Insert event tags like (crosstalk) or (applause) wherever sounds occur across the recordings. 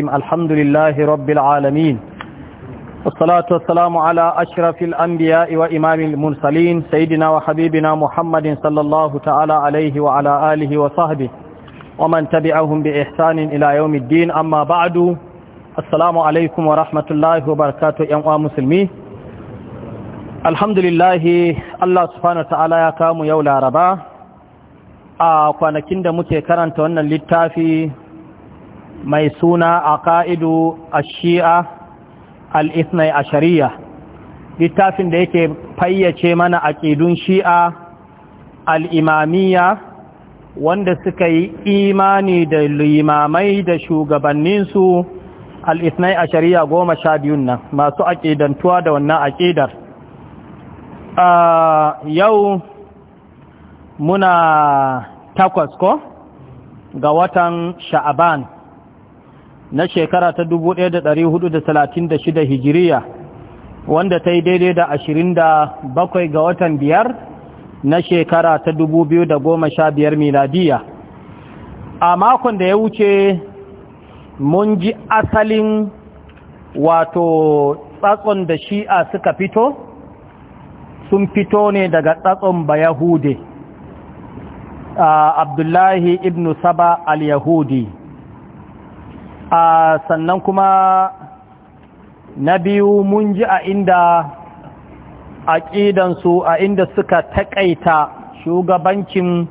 الحمد لله رب العالمين والصلاة والسلام على أشرف الأنبياء وإمام المرسلين سيدنا وحبيبنا محمد صلى الله تعالى عليه وعلى آله وصحبه ومن تبعهم بإحسان إلى يوم الدين أما بعد السلام عليكم ورحمة الله وبركاته يا مسلمين الحمد لله الله سبحانه وتعالى يا كام يولا رباه a kwanakin da muke karanta wannan littafi mai suna a ka'idu a shi'a al'isnai a shari'a littafin da yake fayyace mana a ƙidun shi'a al'imamiyya wanda suka yi imani da limamai da shugabanninsu al'isnai a shari'a goma sha biyun nan masu aƙidantuwa da wannan aƙidar yau muna takwas ko ga watan sha'aban na shekara ta da shida hijiriya wanda ta yi daidai da da bakwai ga watan biyar na shekara ta sha biyar miladiya a makon da ya wuce mun ji asalin wato tsatson da shi'a suka fito sun fito ne daga tsatson bayahude yahude abdullahi ibn saba al-yahudi a sannan kuma na biyu mun ji a inda aƙidansu a inda suka taƙaita shugabancin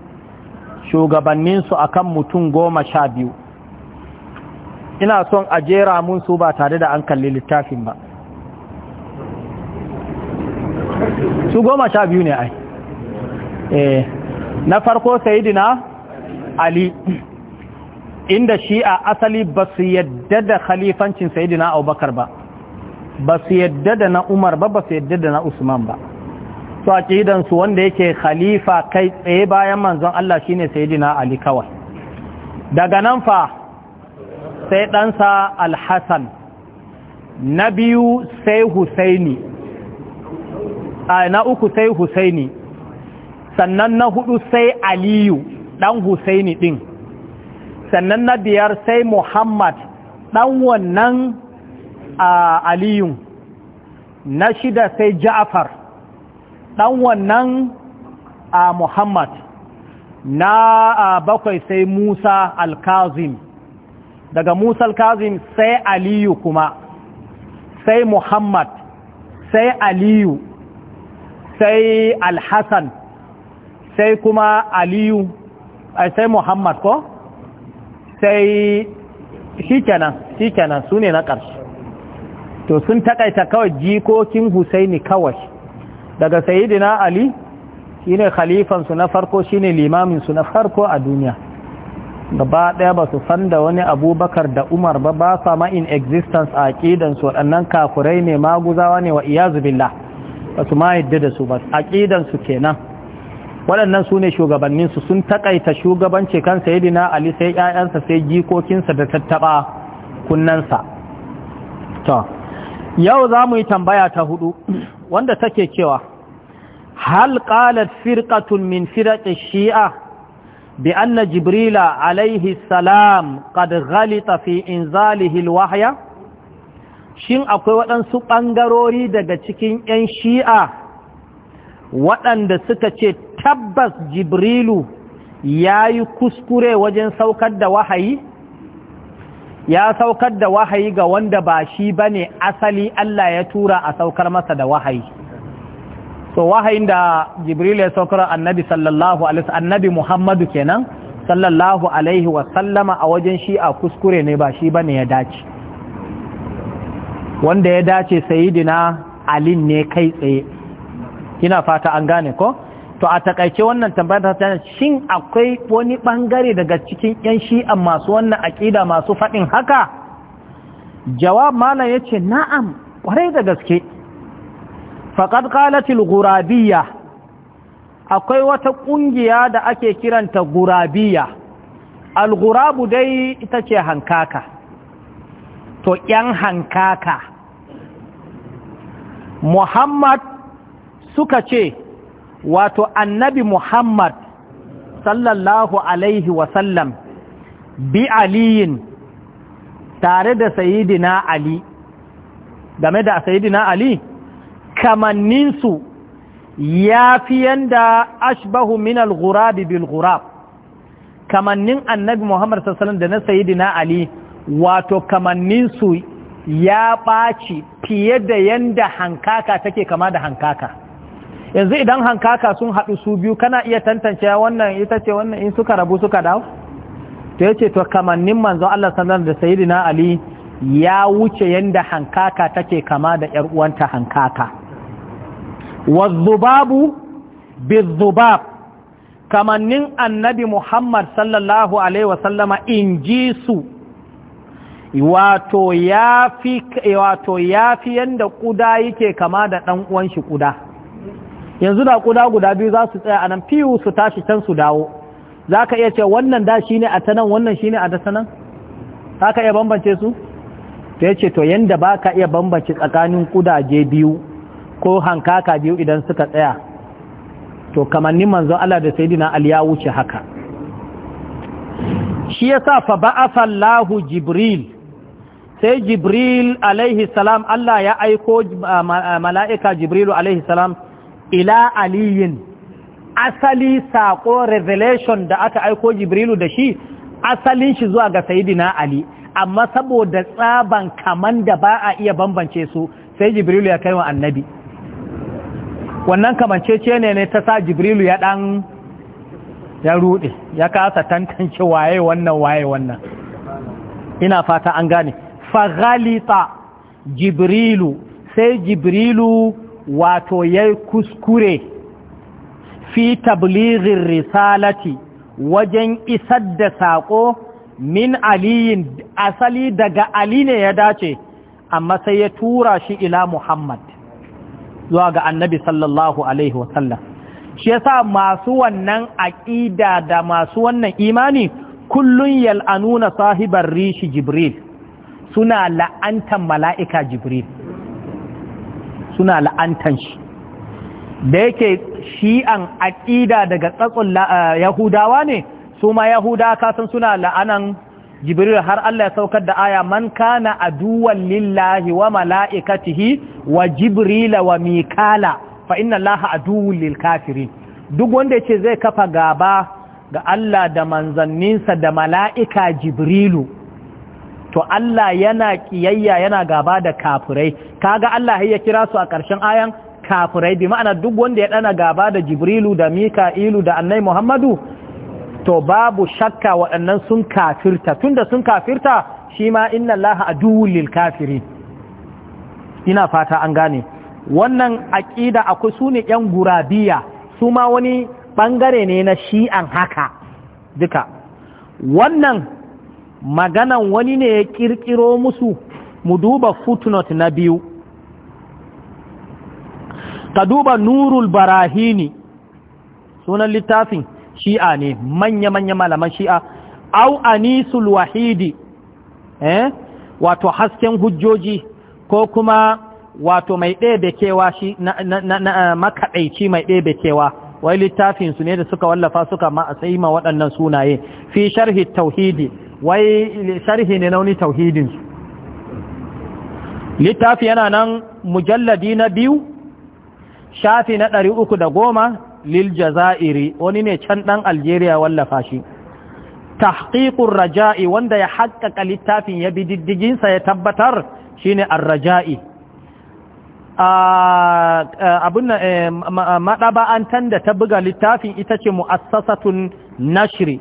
shugabanninsu akan mutum goma sha biyu ina son a jera mun su ba tare da an kalli littafin ba su goma sha biyu ne ai eh, na farko sayidina ali inda shi a asali ba su yadda da khalifancin sayidina abubakar ba ba su yadda da na umar ba ba su yadda da na usman ba su a su wanda yake khalifa kai tsaye bayan manzon Allah shi ne sayidina ali kawai daga nan fa sai ɗansa alhassan na biyu sai husaini a na uku sai husaini sannan na hudu sai aliyu ɗan husaini ɗin sannan na biyar sai muhammad ɗan wannan aliyun na shida sai ja'afar ɗan wannan a muhammad na bakwai sai musa al-Kazim daga musa al-Kazim sai aliyu kuma sai muhammad sai aliyu sai Al-Hassan sai kuma aliyu sai muhammad ko sai shikenan shikenan su ne na ƙarshe to sun takaita kawai jikokin husaini kawai daga sayidina ali shine khalifansu na farko shine limaminsu na farko a duniya gaba ɗaya ba su san da wani abubakar da umar ba ba sa ma in existence a aƙidansu waɗannan kafurai ne maguzawa ne wa iyazu billah ba su ma yadda da su ba aƙidansu kenan waɗannan su ne shugabanninsu sun taƙaita shugabanci kan sayidina ali sai 'ya'yansa sai jikokinsa da tattaɓa kunnansa to yau za mu yi tambaya ta hudu wanda take cewa hal qalat firqatun min firaqi shi'a bi anna jibrila alaihi salam qad ghalita fi inzalihi alwahya shin akwai waɗansu ɓangarori daga cikin 'yan shi'a waɗanda suka ce tabbas jibrilu ya yi kuskure wajen saukar da wahayi ya saukar da wahayi ga wanda ba shi ba ne asali Allah ya tura a saukar masa da wahayi so wahayin da jibril ya saukar annabi sallallahu alaihi annabi muhammadu kenan sallallahu alaihi wasallama a wajen shi a kuskure ne ba shi ba ne ya dace wanda ya dace sayidina alin ne kai tsaye ina fata an gane ko to a takaice wannan tambayar ta shin akwai wani bangare daga cikin yan shi'a masu wannan aƙida masu faɗin haka jawab malam ya ce na'am kwarai da gaske faqad qalatil gurabiya akwai wata ƙungiya da ake kiranta gurabiya algurabu dai ita ce hankaka to ‘yan hankaka muhammad suka ce wato annabi muhammad sallallahu alaihi wasallam bi aliyin tare da sayidina ali game da sayidina ali kamanninsu ya fi yanda ashbahu min al-ghurabi bil ghurab kamannin annabi muhammad sallallahu alaihi wasallam da na sayidina ali wato kamanninsu ya ɓaci fiye da yanda hankaka take kama da hankaka yanzu idan hankaka sun haɗu su biyu kana iya tantance wannan ita ce wannan in suka rabu suka dawo to yace to kamannin manzon Allah sallallahu da sayyidina Ali ya wuce yanda hankaka take kama da ƴar uwanta hankaka wazubabu bizubab kamannin annabi Muhammad sallallahu alaihi wasallama inji su wato yafi wato yafi yanda kuda yake kama da dan uwan shi kuda yanzu da kuda guda biyu za su tsaya a nan fiyu su tashi can su dawo za ka iya ce wannan da shi ne a ta nan wannan shi ne a ta nan za ka iya bambance su ta ya ce to yadda ba ka iya bambance tsakanin kudaje biyu ko hankaka biyu idan suka tsaya to kamannin manzon Allah da sayidina Ali ya wuce haka shi yasa fa ba'atha Allahu Jibril sai Jibril alaihi salam Allah ya aiko mala'ika Jibrilu alaihi salam ila aliyin asali saƙo revelation da aka aiko jibrilu da shi asalin shi zuwa ga sayidina ali amma saboda tsaban kaman da ba a iya bambance su sai jibrilu ya kai wa annabi wannan kamancece ne ne ta sa jibrilu ya ɗan ya rude, ya kasa tantance waye wannan waye wannan ina fata an gane faghalita jibrilu sai jibrilu wato ya kuskure fi tablighin risalati wajen isar da saƙo min aliyin asali daga ali ne ya dace amma sai ya tura shi ila muhammad zuwa ga annabi sallallahu alaihi wasallam shi yasa masu wannan aƙida da masu wannan imani kullun yal'anuna sahibar rishi jibril suna la'antan mala'ika jibril suna la'antan shi da yake shi'an aƙida daga tsatsun eh, yahudawa ne su ma yahuda kasan suna la'anan jibril har Allah ya saukar da aya man kana aduwan lillahi wa mala'ikatihi wa jibrila wa mikala fa inna Allah aduwwul lil kafirin duk wanda yace zai kafa gaba ga Allah da manzanninsa da mala'ika jibrilu to Allah yana kiyayya yana gaba da kafirai kaga Allah ya kira su a ƙarshen ayan kafirai bi ma'ana duk wanda ya dana gaba da Jibrilu da Mika'ilu da Annai Muhammadu to babu shakka waɗannan sun kafirta tunda sun kafirta shi ma inna Allah aduwwul lil kafirin ina fata an gane wannan aƙida akwai sune ƴan gurabiya su ma wani bangare ne na shi'an haka duka wannan maganan wani ne ya kirkiro musu mu duba footnote na biyu ka duba nurul barahini sunan littafin shi'a ne manya-manya malaman shi'a au anisul wahidi eh wato hasken hujjoji ko kuma wato mai ɗebe kewa shi na, eh, makaɗaici mai ɗebe kewa wai littafinsu ne da suka wallafa suka ma'asai ma waɗannan sunaye fi sharhi tauhidi wai sharhi ne nauni tauhidinsu littafi yana nan mujalladi na biyu shafi na ɗari uku da goma lil jaza'iri wani ne can ɗan algeria wallafa shi tahqiqur raja'i wanda ya haƙƙaƙa littafin ya bi diddiginsa ya tabbatar shine ar-raja'i abin an eh, da ta buga littafin ita ce mu'assasatun nashri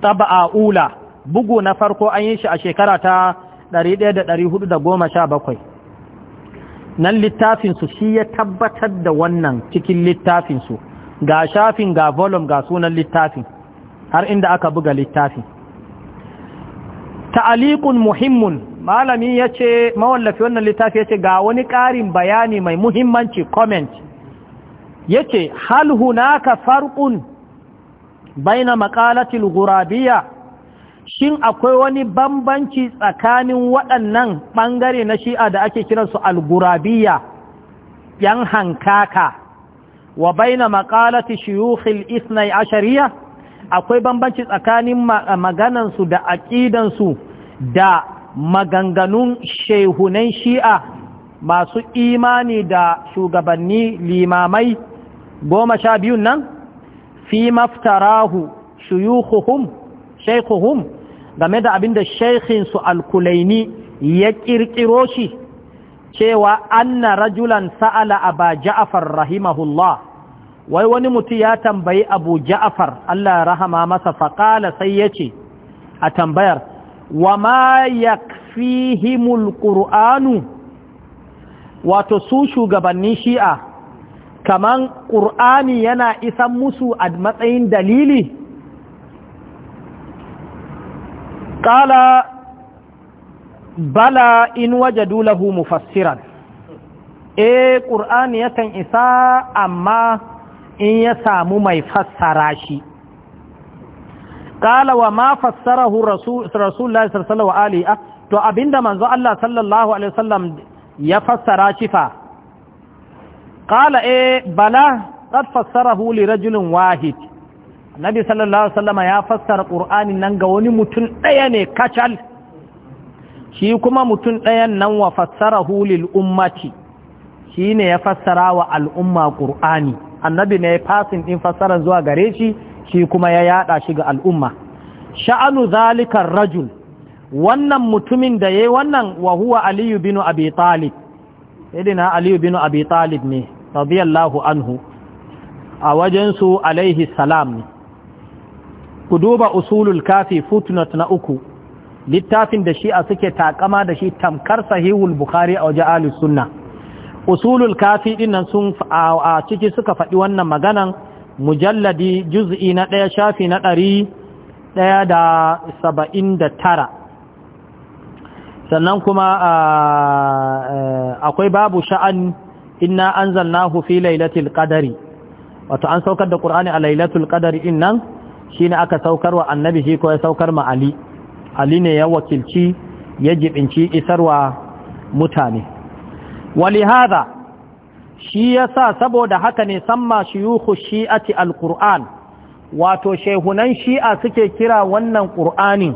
ta ula bugu na farko an yi shi a shekara ta 1417 nan littafinsu shi ya tabbatar da wannan cikin littafinsu ga shafin ga volume ga sunan littafin har inda aka buga littafin ta'aliqun muhimmun malami yace mawallafi wannan littafi yace ga wani ƙarin bayani mai muhimmanci comment yace hal hunaka farqun baina maqalatil ghurabiyya shin akwai wani bambanci tsakanin waɗannan ɓangare na shi'a da ake kiransu algurabiya yan hankaka wa baina maƙalati shiyuhil isnai ashariya akwai bambanci tsakanin maganansu da aƙidansu da maganganun shehunan shi'a masu imani da shugabanni limamai goma sha biyun nan fi maftarahu shuyuhuhum shaykhuhum game da abinda shaykhin su al-kulaini ya kirkiro shi cewa anna rajulan sa'ala aba ja'far rahimahullah wai wani mutum ya tambayi abu ja'afar Allah rahama masa faƙala sai yace a tambayar wa ma yakfihimul qur'anu wato su shugabannin shi'a kaman ƙur'ani yana isan musu a matsayin dalili qala bala in wajadu mu mufassiran E qur'ani yakan isa amma in ya samu mai fassara shi qala wa ma fassarahu rasul rasulullahi sallallahu alaihi wa alihi to abinda manzo Allah sallallahu alaihi wasallam ya fassara shi fa qala eh bala qad fassarahu li wahid annabi sallallahu alaihi ya fassara qur'anin nan ga wani mutum daya ne kacal shi kuma mutum dayan nan wa fassara hulil ummati shine ya fassara wa al'umma ƙur'ani annabi ne ya fasin ɗin fassara zuwa gare shi shi kuma ya yaɗa shi ga al'umma sha'anu zalika rajul wannan mutumin da yayi wannan wa huwa aliyu bin abi talib aliyu bin abi talib ne radiyallahu anhu a wajensu alaihi salam ne ku duba usulul kafi footnote na uku littafin da shi a suke takama da shi tamkar sahihul bukhari a waje ahlus sunna usulul kafi dinnan sun a ciki suka faɗi wannan maganan mujalladi juz'i na ɗaya shafi na ɗari ɗaya da saba'in da tara sannan kuma akwai babu sha'an inna anzalnahu fi lailatul qadari wato an saukar da ƙur'ani a lailatul qadari innan shi ne aka saukar wa annabi shi ko ya saukar ma ali ali ne ya wakilci ya jibinci isarwa mutane Wali hada shi ya sa saboda haka ne samma shiyuhu shi'ati alqur'an wato shehunan shi'a suke kira wannan Qur'ani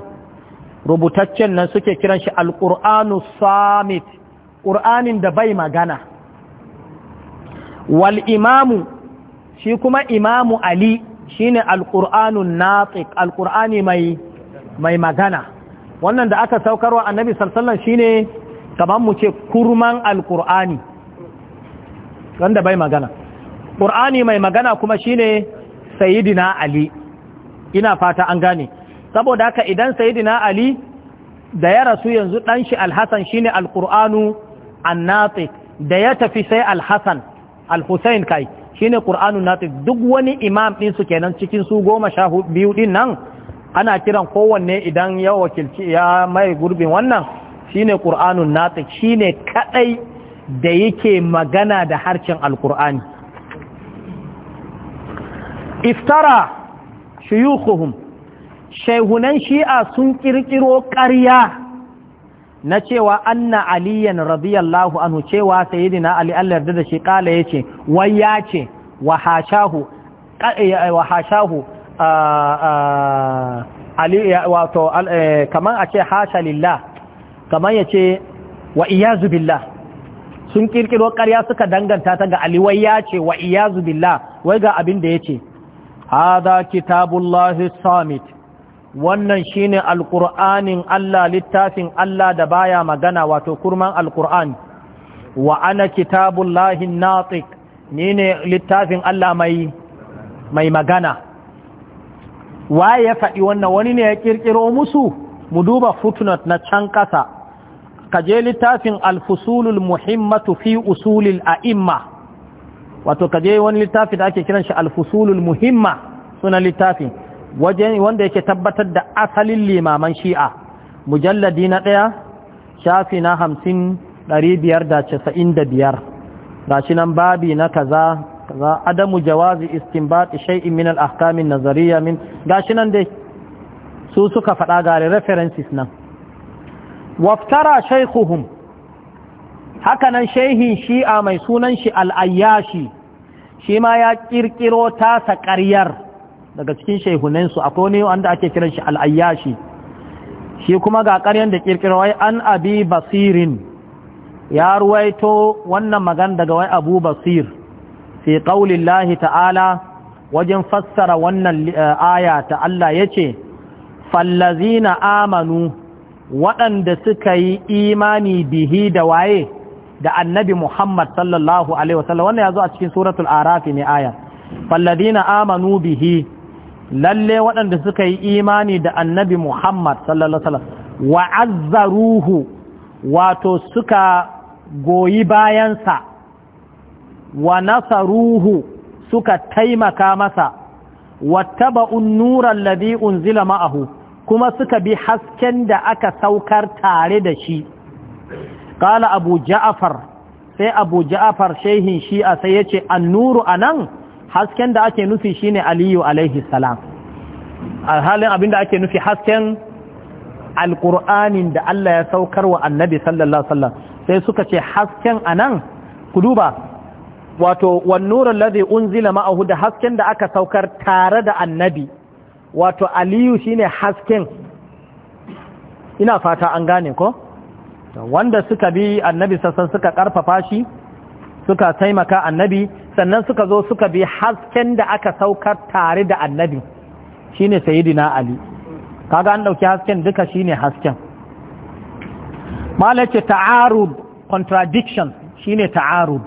rubutaccen nan suke kiran shi alƙur'anu samit Qur'anin da bai magana wal imamu shi kuma imamu ali Shi ne alƙur'anun alqur'ani Alƙur'ani mai magana wannan da aka saukarwa annabi sallallahu alaihi shi ne kamar mu ce kurman Alƙur'ani. wanda bai magana ƙur'ani mai magana kuma shi ne sayyidina ali ina fata an gane saboda haka idan sayyidina ali da ya rasu yanzu dan shi ne Alƙur'anu an annatiq da ya tafi sai Alhassan, alhusain kai shine qur'anun natif duk wani imam din su kenan cikin su goma sha biyu din nan ana kiran kowanne idan ya wakilci ya mai gurbin wannan shine qur'anun natif shine kadai da yake magana da harcin alqur'ani iftara shuyukhuhum shaihunan shi'a sun kirkiro ƙarya na cewa anna aliyan radiyallahu anhu cewa sayyidina ali Allah yarda da shi kala yace wai ya ce wa hashahu eh, eh, wa hashahu ali wato eh, kaman a ce hasha lillah kaman yace wa iyazu billah sun kirkiro ƙarya suka danganta ta ga ali wai ya ce wa iyazu billah wai ga abin da yace hada kitabullahi samit wannan shine alqur'anin Allah littafin Allah da baya magana wato kurman alqur'ani wa ana kitabullahi natiq nine littafin Allah mai mai magana waye ya faɗi wannan wani ne ya kirkiro musu mu duba footnote na can ƙasa kaje littafin alfusulul muhimmatu fi usulil a'imma wato kaje wani littafi da ake kiran shi alfusulul muhimma suna littafin wajen wanda yake tabbatar da asalin limaman shi'a mujalladi na ɗaya shafi na hamsin ɗari biyar da casa'in da biyar gashi nan babi na kaza kaza adamu jawazi istinbat shay'in min al-ahkamin nazariya min gashi nan dai su suka faɗa gare references nan waftara shaykhuhum haka nan shehin shi'a mai sunan shi al-ayyashi shi ma ya kirkiro tasa ƙaryar daga cikin shaihunansu akwai wani wanda ake kiran shi al'ayyashi shi kuma ga ƙaryan da wai an abi basirin ya ruwaito wannan magan daga wai abu basir fi ƙaunin lahi ta'ala wajen fassara wannan eh, aya ta Allah ya ce fallazina amanu waɗanda suka yi imani bihi da waye da annabi Muhammad sallallahu Alaihi wasallam wannan ya zo a cikin suratul arafi ne aya fallazina amanu bihi lalle waɗanda suka yi imani da annabi Muhammad sallallahu Alaihi wa wato suka goyi bayansa wa nasaruhu suka taimaka masa wattaba nuran ladhi unzila ma'ahu kuma suka bi hasken da aka saukar tare da shi qala abu sai abu shaihin shehin shi'a sai yace annuru anan hasken da ake nufi shine aliyu alaihi salam halin abin da ake nufi hasken Alkur'ani da Allah ya saukar wa annabi sallallahu alaihi wasallam sai suka ce hasken anan ku duba wato wan nurul unzila ma'ahu da hasken da aka saukar tare da annabi wato aliyu shine hasken ina fata an gane ko wanda suka bi annabi sassan suka karfafa shi suka taimaka annabi sannan suka zo suka bi hasken da aka saukar tare da annabi shine sayyidina ali kaga an ɗauki hasken duka shine hasken malace ta'arud contradiction shine ta'arud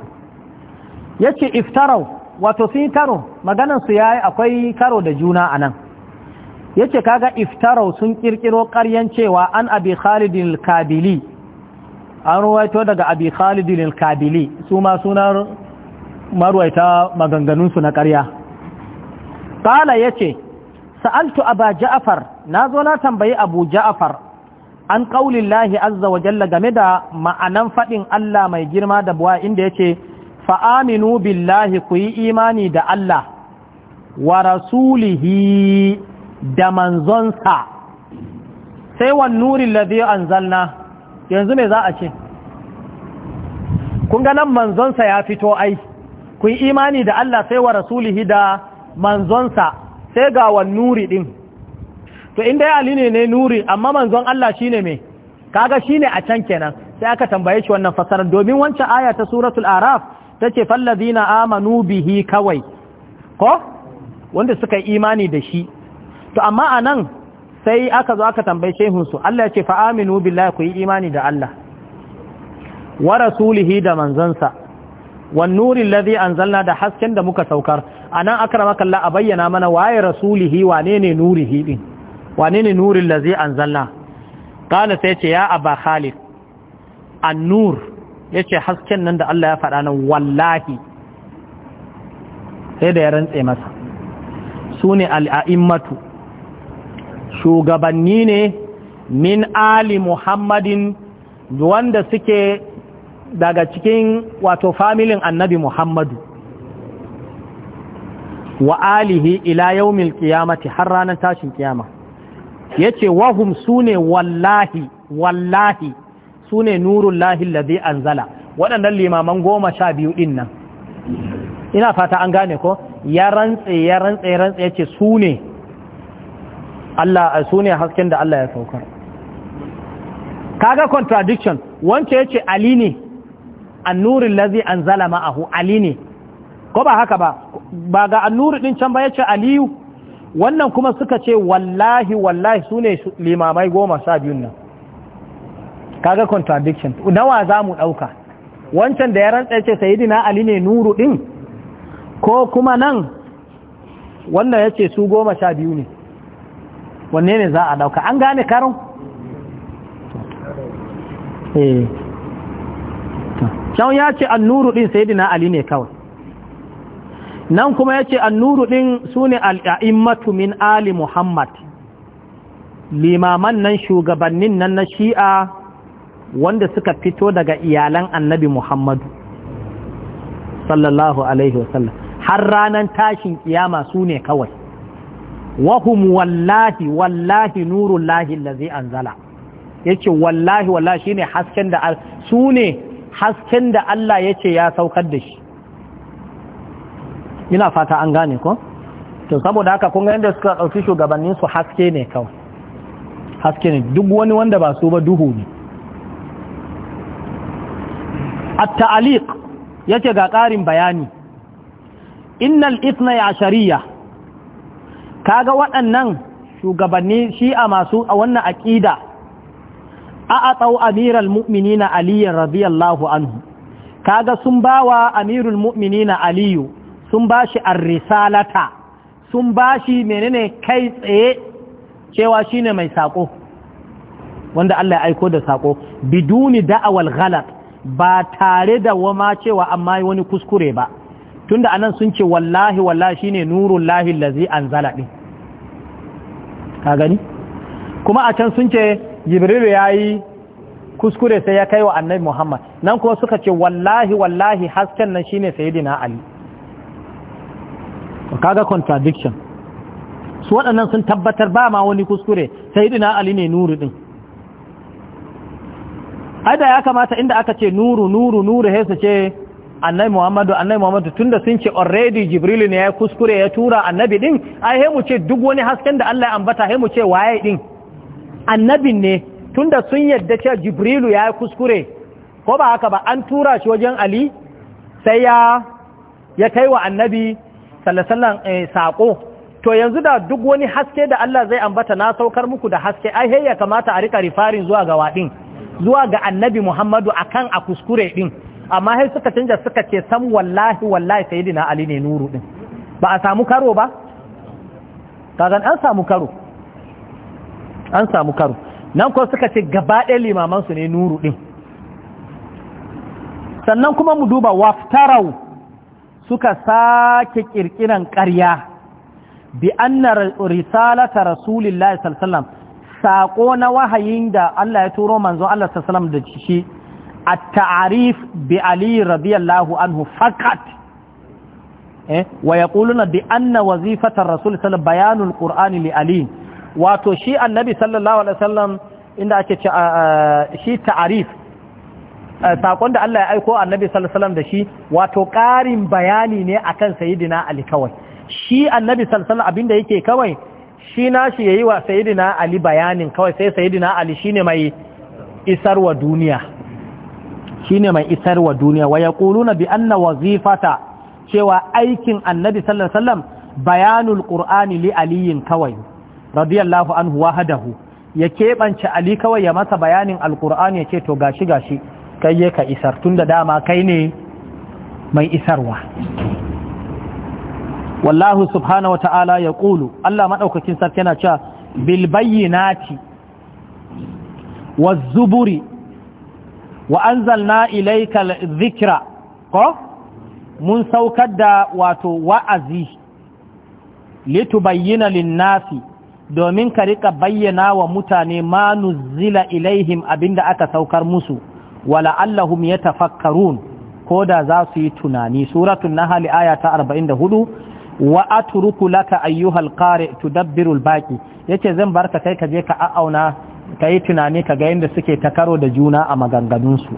yace iftarau wato sun karo maganar su yayi akwai karo da juna anan yace kaga iftarau sun ƙirƙiro ƙaryan cewa an abi khalidin al-kabili an ruwaito daga abi khalidin al-kabili su ma sunar marwaita maganganunsu na karya. ƙala ya ce sa'altu aba ja'afar na zo na tambayi abu ja'afar an ƙaunin lahi azza wa jalla game da ma'anan faɗin Allah mai girma da buwa inda ya ce fa'aminu billahi ku yi imani da Allah wa rasulihi da manzonsa sai wa nurin an yanzu mai za a ce kun ga manzonsa ya fito ai ku yi imani da Allah sai wa rasulihi da manzonsa sai ga wa nuri din to inda ya ali ne ne nuri amma manzon Allah shine me kaga shine a can kenan sai aka tambaye shi wannan fasarar domin wancan aya ta suratul araf ta tace fallazina amanu bihi kawai ko wanda suka yi imani da shi to amma a nan. sai aka zo aka tambayi shehunsu Allah ya ce fa'aminu billahi ku yi imani da Allah wa rasulihi da manzansa wan nurin ladhi anzalna da hasken da muka saukar anan akramaka Allah a bayyana mana waye rasulihi wane ne wane ne nurin ladhi anzalna kana sai ce ya abba khalid an-nur yace hasken nan da Allah ya faɗa nan wallahi sai da ya rantse masa sune al-a'immatu shugabanni ne min ali muhammadin wanda suke daga cikin wato familin annabi muhammadu wa alihi ila yaumil qiyamati har ranar tashin kiyama yace wahum sune wallahi wallahi sune nurullahi allazi anzala waɗannan limaman goma sha biyu ɗin nan ina fata an gane ko ya rantse ya rantse ya rantse yace sune Allah su ne hasken da Allah ya saukar kaga contradiction wance ya ce ali ne annurin lazi an zala ma'ahu ali ne ko ba haka ba ba ga annuri din can ba ya ce aliyu wannan kuma suka ce wallahi wallahi su ne limamai goma sha biyun nan kaga contradiction nawa za mu ɗauka wancan da ya rantsa ce sayidina ali ne nuru ɗin ko kuma nan wannan ya ce su goma sha biyu ne wanne ne za a dauka an gane karon? eh can ya ce annuru din sayyidina ali ne kawai nan kuma ya ce annuru din sune al'immatu min ali muhammad limaman nan shugabannin nan na shi'a wanda suka fito daga iyalan annabi muhammadu sallallahu alaihi wasallam har ranar tashin kiyama su ne kawai wahum wallahi wallahi nurun lahi lazi anzala yace wallahi wallahi shine hasken da su ne hasken da Allah yace ya saukar da shi ina fata an gane ko to saboda haka kun ga yadda suka ɗauki shugabannin su haske ne kawai haske ne duk wani wanda ba su ba duhu ne a taliq yake ga ƙarin bayani innal ithna shari'a. kaga waɗannan shugabanni shi'a masu a wannan aƙida a atsau amiral na aliyu radiyallahu anhu kaga sun bawa amirul na aliyu sun bashi ar-risalata sun ba shi menene kai tsaye cewa shi ne mai sako wanda Allah ya aiko da sako biduni da'awal ghalat ba tare da wama cewa amma wani kuskure ba tunda anan sun ce wallahi wallahi shine nurul lahi allazi anzala din ka gani kuma a can sun ce jibrilu ya yi kuskure sai ya kai wa annabi muhammad nan kuma suka ce wallahi wallahi hasken nan shine sayyidina ali kaga contradiction su waɗannan sun tabbatar ba ma wani kuskure sayyidina ali ne nuru din aida ya kamata inda aka ce nuru nuru nuru hesa ce annabi muhammadu annabi muhammadu tunda sun ce already jibrilu ne ya kuskure ya tura annabi din ai he mu ce duk wani hasken da Allah ya ambata he mu ce waye din annabin ne tunda sun yadda cewa jibrilu ya kuskure ko ba haka ba an tura shi wajen ali sai ya ya kai wa annabi sallallahu alaihi wasallam eh, sako to yanzu da duk wani haske da Allah zai ambata na saukar muku da haske ai he ya kamata a rika rifarin zuwa ga wadin zuwa ga annabi muhammadu akan a kuskure din amma sai suka canja suka ce sam wallahi wallahi sayyidina ali ne nuru din ba a samu karo ba kagan an samu karo an samu karo nan ko suka ce gaba ɗaya limaman su ne nuru din sannan kuma mu duba waftarau suka sake kirkiran ƙarya bi anna risalata rasulillahi sallallahu alaihi wasallam sako na wahayin da Allah ya turo manzo Allah sallallahu alaihi wasallam da shi التعريف بعلي رضي الله عنه فقط ويقولون بأن وظيفة الرسول صلى الله عليه وسلم بيان القرآن لعلي وتشيء النبي صلى الله عليه وسلم إن شيء تعريف saƙon da Allah ya aiko annabi sallallahu alaihi wasallam da shi wato ƙarin bayani ne akan sayyidina Ali kawai shi annabi sallallahu alaihi abinda yake kawai shi na shi yayi wa sayyidina Ali bayanin kawai sai sayyidina Ali shine mai isarwa duniya shine mai isarwa duniya wa ya yaquluna bi anna wazifata cewa aikin annabi sallallahu alaihi wasallam bayanul qur'ani li aliyin kawai radiyallahu anhu wahadahu ya keɓance ali kawai ya masa bayanin alqur'ani ya ce to gashi gashi kai ya ka isar tunda dama kai ne mai isarwa wallahu subhanahu wata'ala ya kulu. Allah maɗaukakin sarki yana cewa bilbayyinati wa zuburi wa anzalna ilayka dhikra ko mun saukar da wato wa'azi litubayyana lin-nasi domin ka rika bayyana wa mutane ma nuzila ilaihim abinda aka saukar musu wala allahum yatafakkarun ko da za su yi tunani suratul nahl aya ta 44 wa atruku laka ayyuhal qari tudabbiru al-baqi yace zan barka kai ka je ka a'auna kai tunani ka ga yanda suke ta karo da juna a maganganun su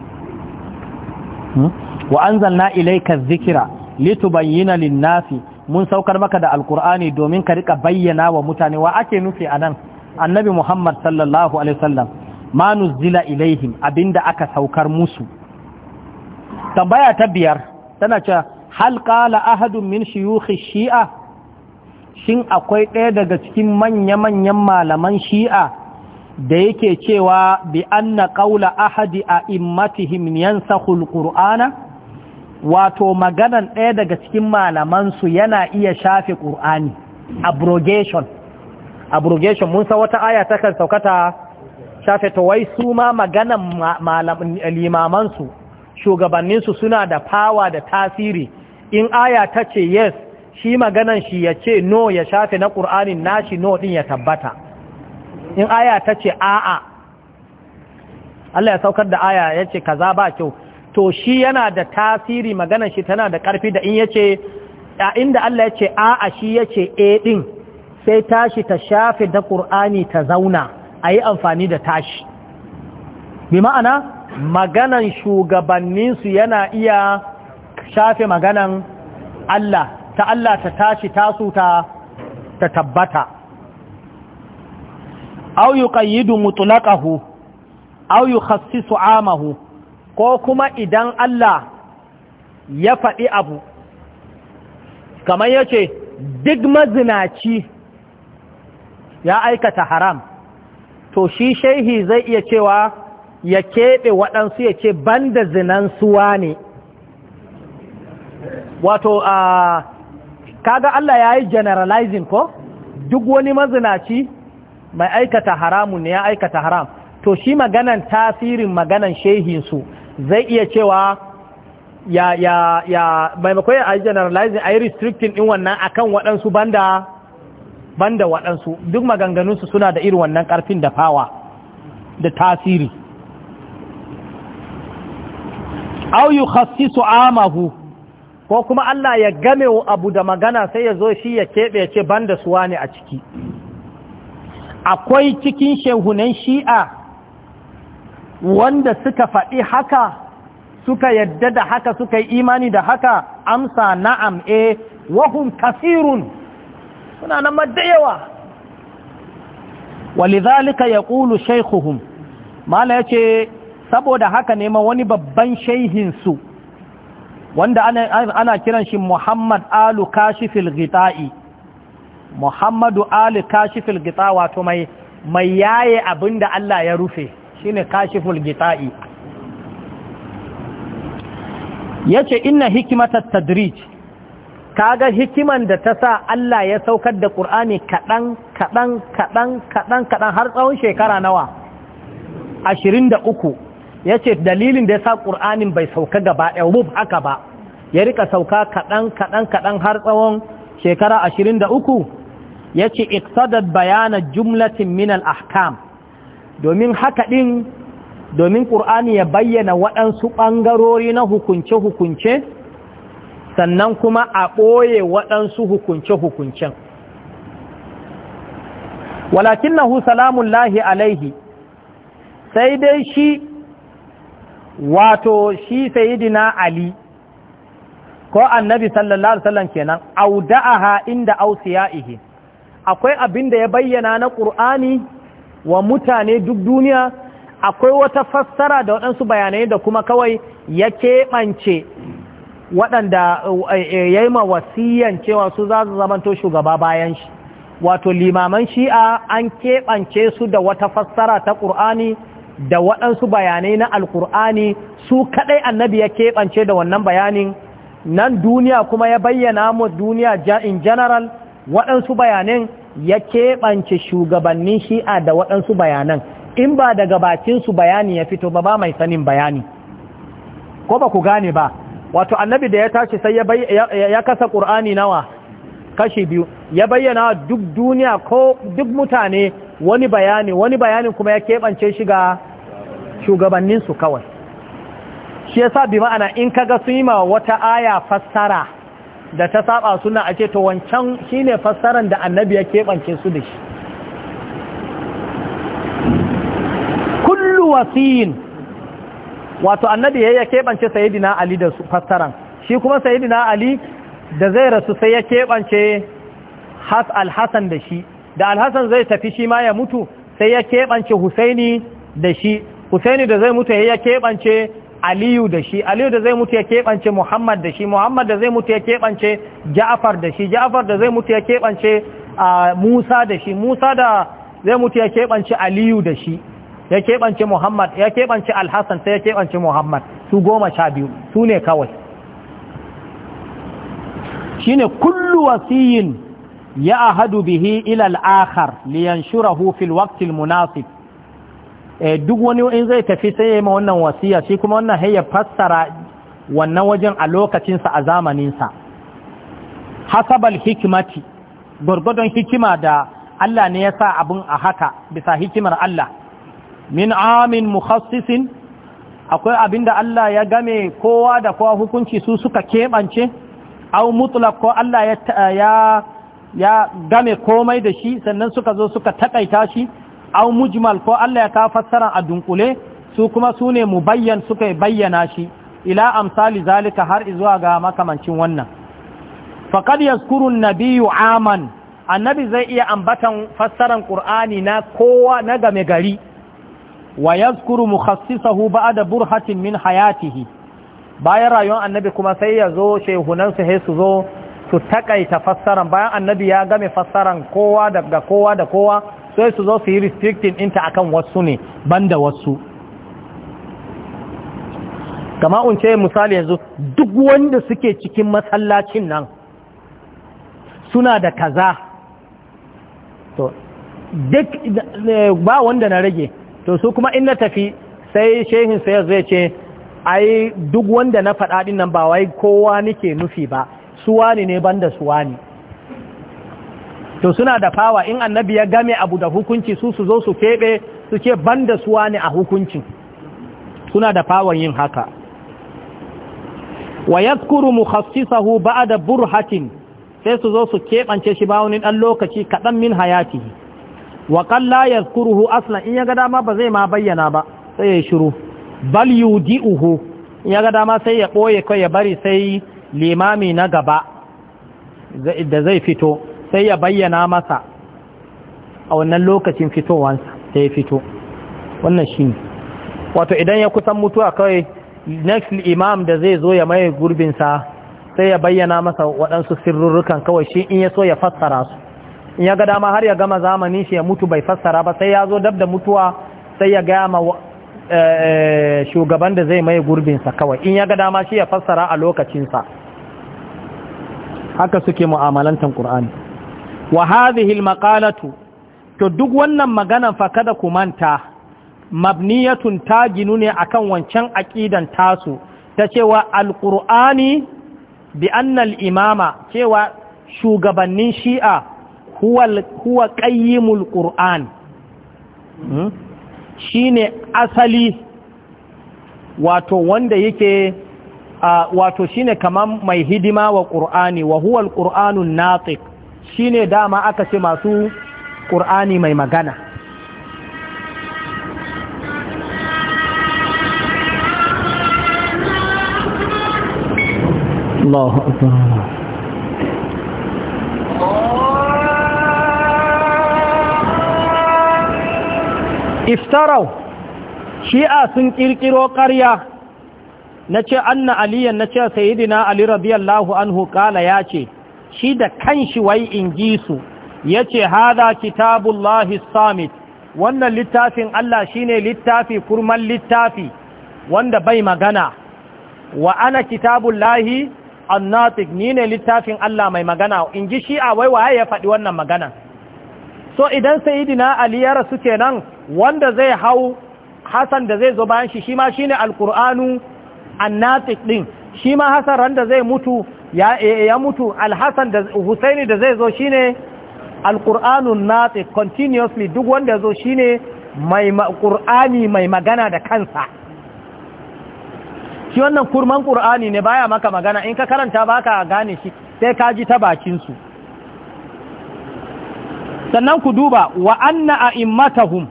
hmm? wa anzalna ilayka adh-dhikra litubayyana lin-nasi mun saukar maka da alqur'ani domin ka rika bayyana wa mutane wa ake nufi anan annabi Muhammad sallallahu alaihi wasallam ma nuzila ilaihim abinda aka saukar musu tambaya ta biyar tana cewa hal qala ahadun min shuyukh shi'a shin akwai ɗaya daga cikin manya-manyan malaman shi'a da yake cewa bi anna ƙaula ahadi a immatihim yansahul qur'ana wato maganan ɗaya daga cikin malamansu yana iya shafe ƙur'ani abrogation abrogation mun sa wata aya ta kan saukata shafe to wai su ma maganan limamansu shugabanninsu suna da fawa da tasiri in aya ta ce yes shi maganan shi ya ce no ya shafe na ƙur'anin nashi no ɗin ya tabbata in aya ta ce a'a Allah ya saukar da aya ya ce kaza ba kyau to shi yana da tasiri maganan shi tana da ƙarfi da in ya ce a inda Allah ya ce a'a shi ya ce e ɗin sai tashi ta shafe da ƙur'ani ta zauna a yi amfani da tashi bi ma'ana maganan shugabanninsu yana iya shafe maganan Allah ta Allah ta tashi tasu ta ta tabbata au yuqayyidu mutlaqahu au yukhassisu amahu ko kuma idan Allah ya faɗi abu kamar yace duk mazinaci ya aikata haram to shi shehi zai iya cewa ya keɓe waɗansu ya ce banda zinansuwa ne wato a kaga Allah ya yi generalizing ko duk wani mazinaci mai aikata haramun ne ya aikata haram to shi maganan tasirin maganan shehinsu zai iya cewa ya ya ya maimakon ya yi generalizing a yi restricting din wannan akan waɗansu banda banda waɗansu duk maganganunsu suna da irin wannan ƙarfin da fawa da tasiri au yi khasisu amahu ko kuma Allah ya game wa abu da magana sai ya zo shi ya keɓe ya ce ban da suwa ne a ciki akwai cikin shehunan shi'a wanda suka faɗi haka suka yadda da haka suka yi imani da haka amsa na'am e eh, wahum kafirun. suna nan madayawa walidhalika ƙulu shaikuhun? mala yace saboda haka ne wani babban shaihinsu wanda ana kiran shi Muhammad Alu Kashifil Gita'i Muhammadu Alu Kashifil Gita wato mai mai yaye abinda Allah ya rufe shine Kashiful Gita'i yace inna hikimata tadrij ga hikiman da ta sa Allah ya saukar da Qur'ani kaɗan kaɗan kaɗan kadan kadan har tsawon shekara nawa uku. ya ce dalilin da ya sa ƙur'anin bai sauka gaba ɗaya rub haka ba ya rika sauka kaɗan kaɗan kaɗan har tsawon shekara ashirin da uku ya ce iksadar bayana jumlatin minal ahkam domin haka ɗin domin ƙur'ani ya bayyana waɗansu ɓangarori na hukunce-hukunce sannan kuma a ɓoye waɗansu hukunce-hukuncen walakin na salamun lahi alaihi sai dai shi wato shi sayidina ali ko annabi sallallahu alaihi wasallam kenan auda'aha inda ausiyaihi akwai abin da ya bayyana na qur'ani wa mutane duk duniya akwai wata fassara da waɗansu bayanai da kuma kawai ya keɓance waɗanda eh, eh, ya ma wasiyan cewa su za su zamanto shugaba bayan shi wato limaman shi'a an keɓance su da wata fassara ta ƙur'ani da waɗansu bayanai na alkur'ani su kaɗai annabi ya keɓance da wannan bayanin nan duniya kuma ya bayyana mu duniya in general waɗansu bayanan ya keɓance shugabannin shi'a da waɗansu bayanan in ba daga bakinsu bayani ya fito ba ba mai sanin bayani ko ba ku gane ba wato annabi da ya tashi sai ya kasa ƙur'ani nawa kashi biyu ya bayyana duk duniya ko duk mutane wani bayani wani bayanin kuma ya keɓance shi ga shugabanninsu kawai shi ya sa bi ma'ana in kaga sun yi ma wata aya fassara da ta saba suna a ce to wancan shi ne fassaran da annabi ya keɓance su da shi kullu wasiyin wato annabi ya keɓance sayidina ali da fassaran shi kuma sayidina ali da zai rasu sai ya keɓance alhassan da shi da alhassan zai tafi shi ma ya mutu sai ya keɓance husaini da shi Husaini da zai mutu ya keɓance Aliyu da shi Aliyu da zai mutu ya keɓance Muhammad da shi Muhammad da zai mutu ya keɓance Ja'far da shi Ja'far da zai mutu ya keɓance Musa da shi Musa da zai mutu ya keɓance Aliyu da shi ya keɓance Muhammad ya keɓance al sai ya keɓance Muhammad su goma sha biyu su ne kawai shine kullu wasiyin ya ahadu bihi ila al-akhar liyanshurahu fil waqti al-munasib Eh, duk wani in zai tafi sai ya yi ma wannan wasiya shi kuma wannan ya fassara wannan wajen a lokacinsa a zamaninsa hasabal hikimati gwargwadon hikima da Allah ne ya sa abin a haka bisa hikimar Allah min amin mukhassisin akwai abin da Allah ya game kowa da kowa hukunci su suka keɓance au mutlaq ko Allah ya ya game komai da shi sannan suka zo suka takaita shi au mujmal ko Allah ya ka fassara a dunkule su kuma su ne mu bayyan suka bayyana shi ila amsali zalika har zuwa ga makamancin wannan faqad yazkuru an-nabiyyu aman annabi zai iya ambatan fassaran qur'ani na kowa na game gari wa yazkuru mukhassisahu ba'da burhatin min hayatihi bayan rayuwar annabi kuma sai ya zo shehunan su su zo su takaita fassaran bayan annabi ya game fassaran kowa daga kowa da kowa sai su zo su yi restricting inta akan wasu ne banda wasu kama unce misali yanzu duk wanda suke cikin masallacin nan suna da kaza to duk eh, ba wanda na rage to su kuma in na tafi sai shehin sai zai ce ai duk wanda na faɗaɗin nan ba wai kowa nake nufi ba suwani ne banda suwani to suna da fawa in annabi ya game abu da hukunci su su zo su keɓe su ce ban da suwa ne a hukuncin suna da fawan yin haka wa yadhkuru mukhassisahu da burhatin sai su zo su keɓance shi ba wani ɗan lokaci kaɗan min hayati wa qalla hu aslan in ya ga dama ba zai ma bayyana ba sai ya shiru bal uhu, in ya ga dama sai ya ɓoye kai ya bari sai limami na gaba da zai fito sai ya bayyana masa a wannan lokacin fitowansa sai ya fito wannan shi ne wato idan ya kusan mutuwa kawai next imam da zai zo ya maye gurbinsa sai ya bayyana masa waɗansu sirrurrukan kawai shi in ya so ya fassara su in ya ga dama har ya gama zamani shi ya mutu bai fassara ba sai ya zo dab da mutuwa sai ya gaya ma eh, shugaban da zai maye gurbinsa kawai in ya ga dama shi ya fassara a lokacinsa haka suke mu'amalantar ƙur'ani wa hadhihi almaqalatu to duk wannan maganan fa kada ku manta mabniyatun ginu ne akan wancan aqidan tasu ta cewa alqur'ani bi anna imama cewa shugabannin shi'a huwa huwa qayyimul qur'an hmm? shine asali wato wanda yake wato shine kaman mai hidima wa qur'ani wa huwa alqur'anun natiq Shi ne dama aka ce masu ƙur'ani mai magana iftarau shi'a sun ƙirƙiro ƙarya na ce anna aliyan na ce sayidina ali radiyallahu anhu ƙala ya ce shi da kanshi wai in ji su ya ce hada kitabullahi samit wannan littafin Allah shine littafi kurman littafi wanda bai magana wa ana kitabullahi annatik ni ne littafin Allah mai magana in ji shi a wai waye ya faɗi wannan magana so idan sayidina ali ya rasu kenan wanda zai hau hasan da zai zo bayan shi shi ma shine alqur'anu annatik din shi ma hasan randa zai mutu E, e, ya mutu alhassan da husaini da zai zo shine alqur'anun nati continuously duk wanda zo shine mai qur'ani mai magana da kansa shi wannan kurman kur'ani ne baya maka magana in ka karanta baka gane shi sai ka ji ta bakinsu. sannan ku duba wa anna a'immatahum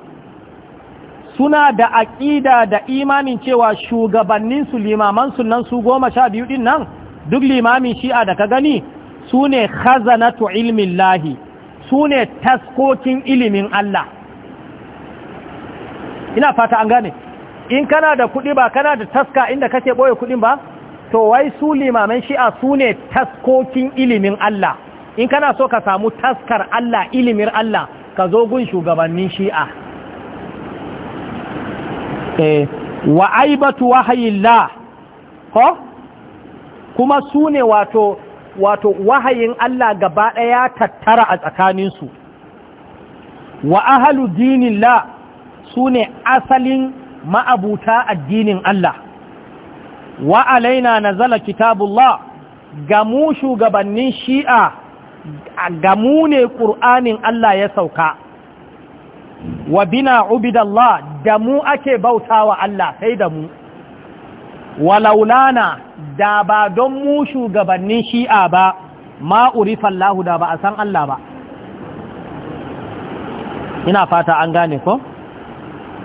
suna da aƙida da imanin cewa shugabannin su limaman sunan su goma sha biyu din nan duk limamin shi'a da ka gani su ne khazanatu ilmin lahi su ne taskokin ilimin Allah ina fata an gane in kana da kuɗi ba kana da taska inda kake ɓoye kuɗin ba to wai su limamin shi'a su ne taskokin ilimin Allah in kana so ka samu taskar Allah ilimin Allah ka zo gun shugabannin shi'a eh, wa aibatu wahayillah ko kuma su ne wato wato wahayin Allah gaba ɗaya tattara a tsakaninsu wa ahalu dinin la su ne asalin ma'abuta addinin Allah wa alaina na zala kitabullah gamu shugabannin shi'a gamu ne ƙur'anin Allah ya sauka wa bina ubidallah da mu ake bautawa Allah sai da mu walaulana da ba don mu shugabannin shi'a ba ma uri fallahu da ba a san Allah ba ina fata an gane ko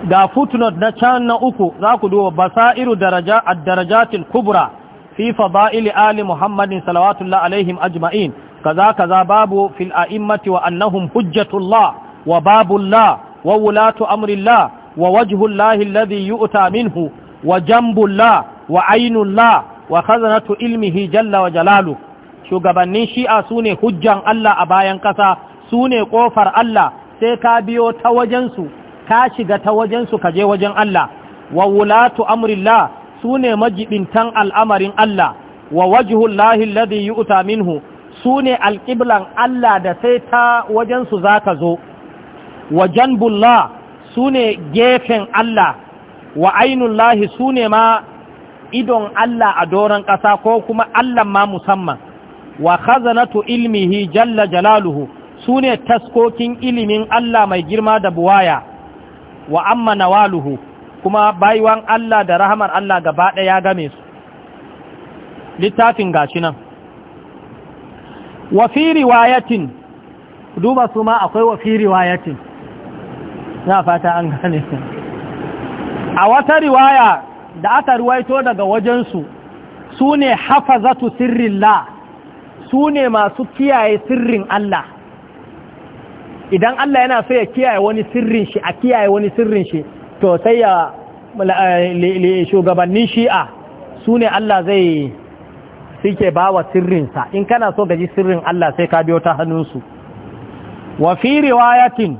ga footnote na can na uku za ku duba basairu daraja ad-darajatil kubra fi fada'ili ali muhammadin salawatullah alaihim ajma'in kaza kaza babu fil a'immati wa annahum hujjatullah wa babullah wa wulatu amrillah wa wajhullahi alladhi yu'ta minhu wa jambullah wa ainullah wa khazanatu ilmihi jalla wa jalalu shugabannin shi'a sune hujjan Allah a bayan kasa sune kofar Allah sai ka biyo ta wajensu ka shiga ta wajensu ka je wajen Allah wa wulatu amrillah sune majibintan al'amarin Allah wa wajhullahi alladhi yu'ta minhu sune alqiblan Allah da sai ta wajensu zaka zo wa janbullah sune gefen Allah wa ainullahi sune ma idon Allah a doron ƙasa ko kuma Allah ma musamman wa khazanatu ilmihi jalla jalaluhu su ne taskokin ilimin Allah mai girma da buwaya wa amma nawaluhu kuma baiwan Allah da rahamar Allah gaba ɗaya game su littafin gashi nan wa fi riwayatin duba su ma akwai wa fi riwayatin na fata an gane a wata riwaya da aka ruwaito daga wajensu su ne hafazatu sirrin su ne masu kiyaye sirrin Allah idan Allah yana so ya kiyaye wani sirrin shi a kiyaye wani sirrin shi to sai ya shugabannin shi'a su ne Allah zai suke ba wa sirrinsa in kana so gaji sirrin Allah sai ka biyo ta hannunsu wa fi riwayatin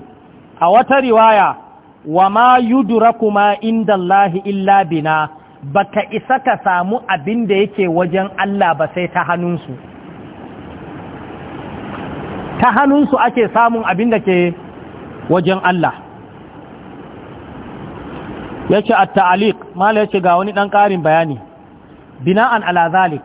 a wata riwaya wa ma yudura ma inda Allah illa bina baka isa ka samu abin da yake wajen Allah ba sai ta hannunsu ta hannunsu ake samun abin da ke wajen Allah ya ce a ta'aliq mala ya ce ga wani ɗan ƙarin bayani bina'an ala zalik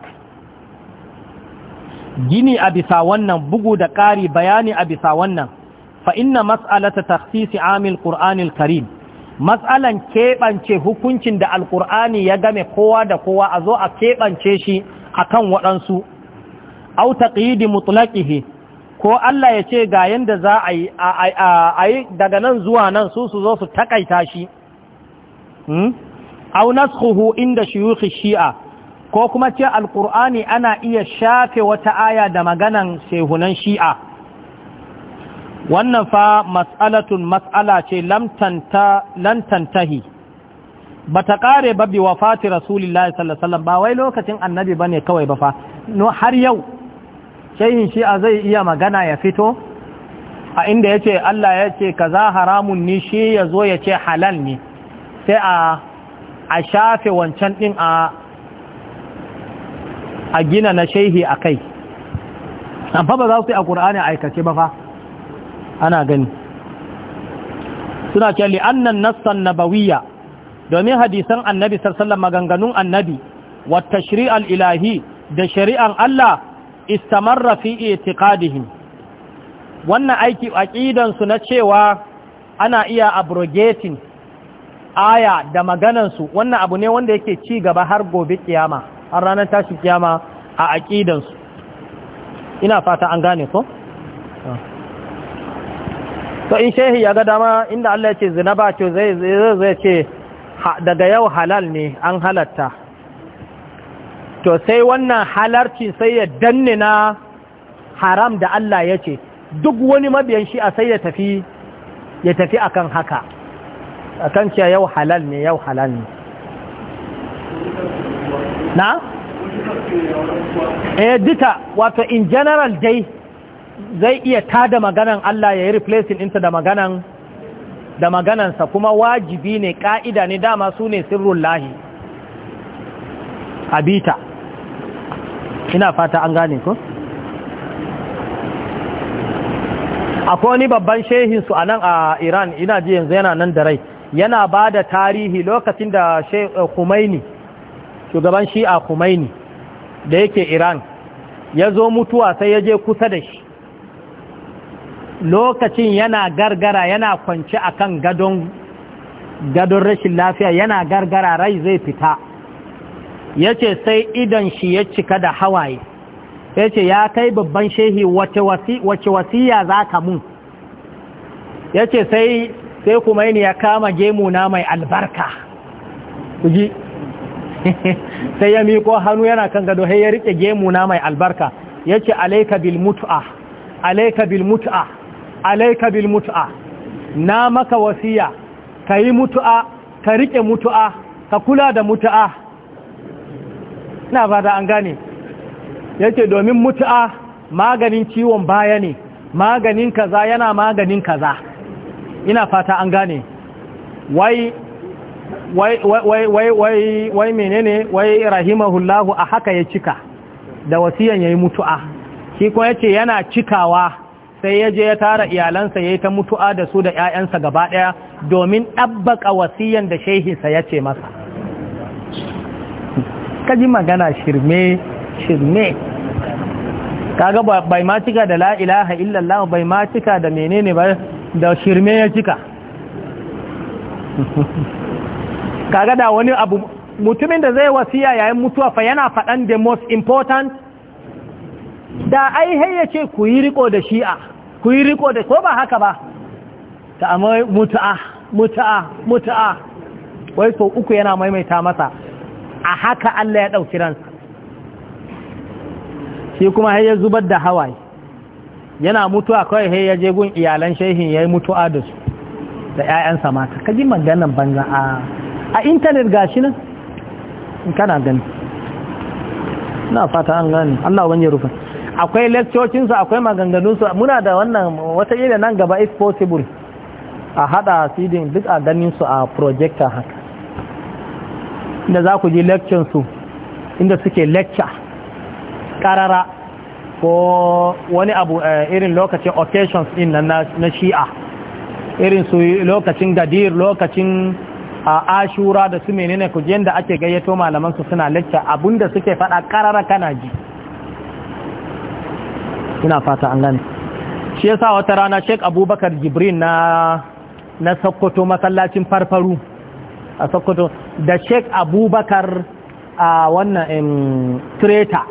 gini a bisa wannan bugu da ƙari bayani a bisa wannan fa inna mas'alata takhsisi amil qur'anil karim matsalan keɓance hukuncin da alkur'ani ya game kowa da kowa a zo a keɓance shi akan waɗansu au taqyidi mutlaqihi ko Allah ya ce ga yanda za a yi daga nan zuwa nan su su zo su takaita shi hmm? au naskhuhu inda shuyukh shi'a ko kuma ce alkur'ani ana iya shafe wata aya da maganan shehunan shi'a wannan fa mas'alatun mas'ala ce lantantahi ba ta ƙare ba bi wafati rasulullahi sallallahu ba wai lokacin annabi ba ne kawai ba fa no har yau shayin a zai iya magana ya fito a inda yace Allah ya ce ka haramun ni shi ya zo ya halal ne sai a a shafe wancan ɗin a a gina na shaihi a kai amma ba za su yi a ƙur'ani aikace ba fa ana gani suna ce li'annan nassan nabawiyya domin hadisan annabi sallallahu maganganun annabi wa tashri'al ilahi da shari'an Allah istamarra fi i'tiqadihim wannan aiki aqidan su na cewa ana iya abrogating aya da maganan su wannan abu ne wanda yake ci gaba har gobe kiyama har ranar tashi kiyama a aqidan su ina fata an gane ko to in shehi ya ga dama inda Allah ya ce zina ba ce zai zai ce daga yau halal ne an halatta to sai wannan halarci sai ya danne na haram da Allah ya ce duk wani mabiyan shi a sai ya tafi ya tafi akan haka akan cewa yau halal ne yau halal ne na? eh dita wato in general dai zai iya tada maganan Allah ya yi replacing ɗinta da maganan da maganansa kuma wajibi ne ƙa'ida ne dama su ne sirrun lahi abita ina fata an gane ku akwai wani babban shehinsu a nan a iran ina ji yanzu yana nan da rai yana ba da tarihi lokacin da eh, Khomeini shugaban shi a kumaini da yake iran ya zo mutuwa sai ya je kusa da shi lokacin yana gargara yana kwanci akan gadon gadon rashin lafiya yana gargara rai zai fita ya ce sai idan shi ya cika da hawaye ya ce ya kai babban shehi wace wasiya za ka mun ya ce sai sai kuma ya kama gemuna mai albarka kuji (laughs) sai ya miko hannu yana kan gado ya rike gemu na mai albarka ya ce alaika bil mutu'a alaika bil mutu'a alaika bil mutu'a na maka wasiya ka yi mutu'a ka rike mutu'a ka kula da mutu'a ina ba da an gane yake domin mutu'a maganin ciwon baya ne maganin kaza yana maganin kaza ina fata an gane wai wai wai wai wai wai menene wai rahimahullahu a haka ya cika da wasiyan yayi mutu'a shi kuma yace yana cikawa sai ya je ya tara iyalansa ya yi ta mutu'a da su da 'ya'yansa gaba ɗaya domin ɗabbaka wasiyan da shehinsa ya ce masa ka ji magana shirme shirme kaga bai ma cika da la'ilaha illallah bai ma cika da menene ba da shirme ya cika kaga da wani abu mutumin da zai wasiya yayin mutuwa fa yana faɗan the most important da ai hayyace ku yi riko da shi'a ku yi riko da ko ba haka ba ta amma mutu'a mutu'a mutu'a wai so uku yana maimaita masa a haka Allah ya ɗauki ransa shi kuma har ya zubar da hawaye yana mutuwa kawai har ya je gun iyalan shehin ya yi mutuwa da su da 'ya'yansa mata ka ji maganan banza a a intanet shi nan in kana gani na fata an gani Allah wani ya akwai lekcocinsu akwai maganganunsu muna da wannan wata iri nan gaba if possible a hada sidin duk a ganin su a projector haka inda za ku ji su inda suke lecture karara ko wani abu eh, irin lokacin occasions din na shi'a irin su lokacin gadir lokacin a ashura da su menene ku da ake gayyato malaman su suna lecture abinda suke faɗa karara kana ji ina fata an gane shi yasa wata rana Sheikh Abubakar Jibrin na na Sokoto masallacin farfaru a Sokoto da Sheikh Abubakar a wannan Treta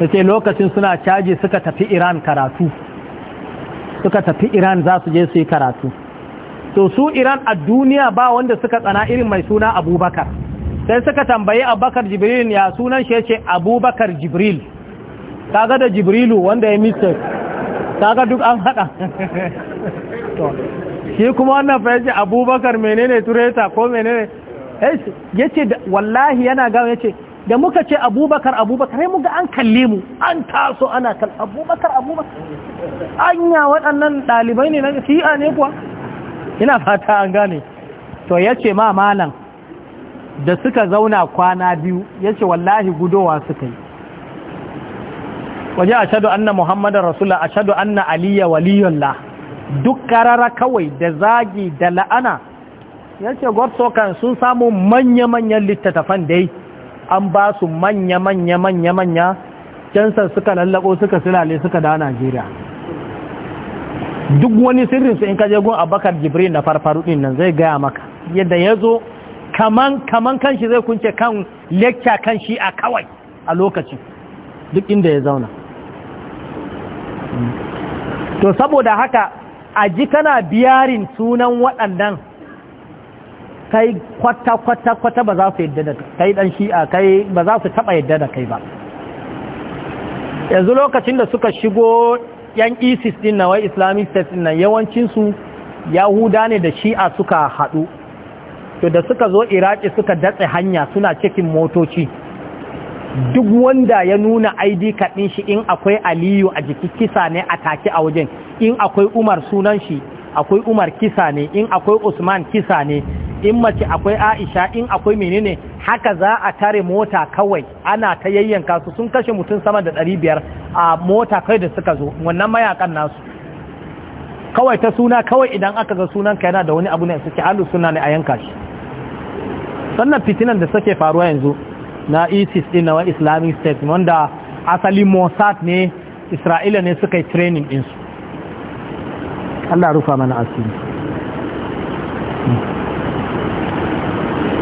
yace lokacin suna caji suka tafi Iran karatu suka tafi Iran za su je su yi karatu to su Iran a duniya ba wanda suka tsana irin mai suna Abubakar sai suka tambayi Abubakar Jibril ya sunan shi yace Abubakar Jibril kaga da jibrilu wanda ya mistake kaga duk an haɗa (laughs) shi kuma wannan fa abubakar menene tureta ko menene eh, yace wallahi yana ga yace da muka ce abubakar abubakar sai muga an kalle mu an taso ana kal abubakar abubakar anya waɗannan ɗalibai ne na shi'a ne kuwa ina fata an gane to yace ma malam da suka zauna kwana biyu yace wallahi gudowa suka yi waje a shaɗu anna muhammadin rasulullah a shaɗu anna aliyya waliyyalla duk karara kawai da zagi da la'ana ya ce gwabsokan sun samu manya-manyan littattafan dai an ba su manya-manya-manya-manya jansa suka lallako suka silale suka da najeriya duk wani sirrin su in ka je gun abakar jibril na din nan zai gaya maka yadda ya zo kaman kanshi zai kunce kan lekca kan shi a kawai a lokacin duk inda ya zauna to saboda haka a ji kana biyarin sunan waɗannan kai kwata-kwata-kwata ba za su yadda da kai ɗan shi'a kai ba za su taɓa yadda da kai ba yanzu lokacin da suka shigo yan isis ɗin na wai islamic state ɗin na yawancinsu yahuda ne da shi'a suka haɗu to da suka zo iraki suka datse hanya suna cikin motoci duk wanda ya nuna ID card shi in akwai Aliyu a jiki kisa ne a take a wajen in akwai Umar sunan shi akwai Umar kisa ne in akwai Usman kisa ne in mace akwai Aisha in akwai menene haka za a tare mota kawai ana ta yayyanka su sun kashe mutum sama da 500 a mota kai da suka zo wannan mayakan nasu kawai ta suna kawai idan aka ga sunan ka yana da wani abu ne suke alu suna ne a yanka shi sannan fitinan da suke faruwa yanzu na isis din na islamic state wanda asali mossad ne isra'ila ne suka yi training su. allah rufa mana asiri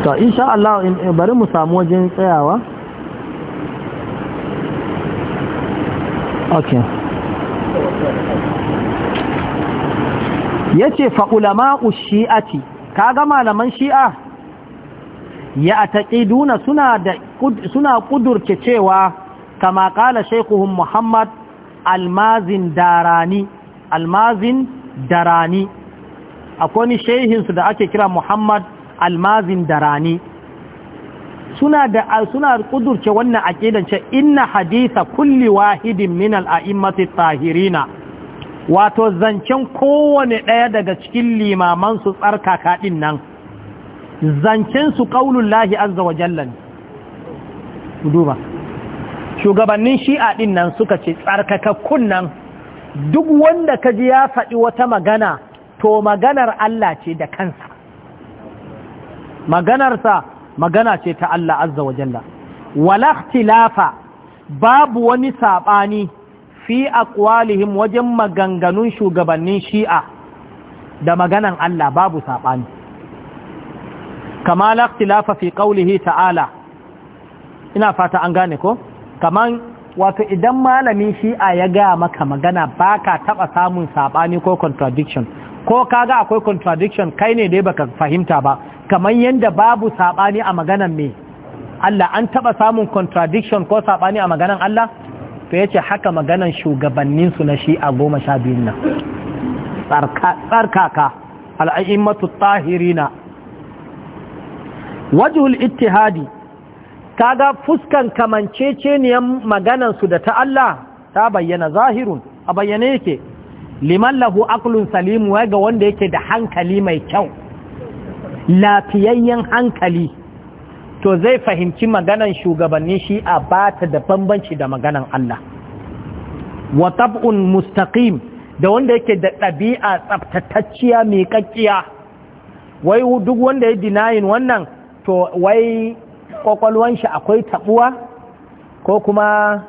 to Allah bari mu samu wajen tsayawa Ya yace fa'ulama ulama'u shi'ati gama malaman shi'a ya ataqiduna suna da suna kudurce cewa kama ƙala shaykhuhum muhammad almazin darani almazin darani akwai ni shehin su da ake kira muhammad almazin darani suna da suna kudurce wannan aqidan ce inna haditha kulli wahidin min aimmati tahirina wato zancen kowane ɗaya daga cikin limaman su tsarkaka din nan zancensu ƙaunin lahi azza wa jallan duba shugabannin shi'a ɗin nan suka ce tsarkakakkun nan duk wanda ka ji ya faɗi wata magana to maganar Allah ce da kansa maganarsa magana ce ta Allah azza wa jalla lafa babu wani saɓani fi aqwalihim wajen maganganun shugabannin shi'a da maganan Allah babu saɓani kama laƙtilafa fi ƙaulihi ta'ala ina fata an gane ko kaman wato idan malamin shi'a ya gaya maka magana baka taba samun saɓani ko contradiction ko kaga akwai contradiction kai ne dai baka fahimta ba kaman yadda babu saɓani a maganan me Allah an taɓa samun contradiction ko sabani a maganan Allah to yace haka maganan shugabannin su na shi'a goma sha biyun nan tsarkaka al'a'immatu tahirina wajhul ittihadi kaga fuskan kamanceceniyan maganan su da ta Allah ta bayyana zahirun a bayyane yake liman lahu aqlun salim wa ga wanda yake da hankali mai kyau lafiyayyen hankali to zai fahimci maganan shugabanni shi a bata da bambanci da maganan Allah wa tab'un mustaqim da wanda yake da ɗabi'a tsaftatacciya mai kakkiya wai duk wanda ya dinayin wannan to wai ƙwaƙwalwan shi akwai tabuwa ko kuma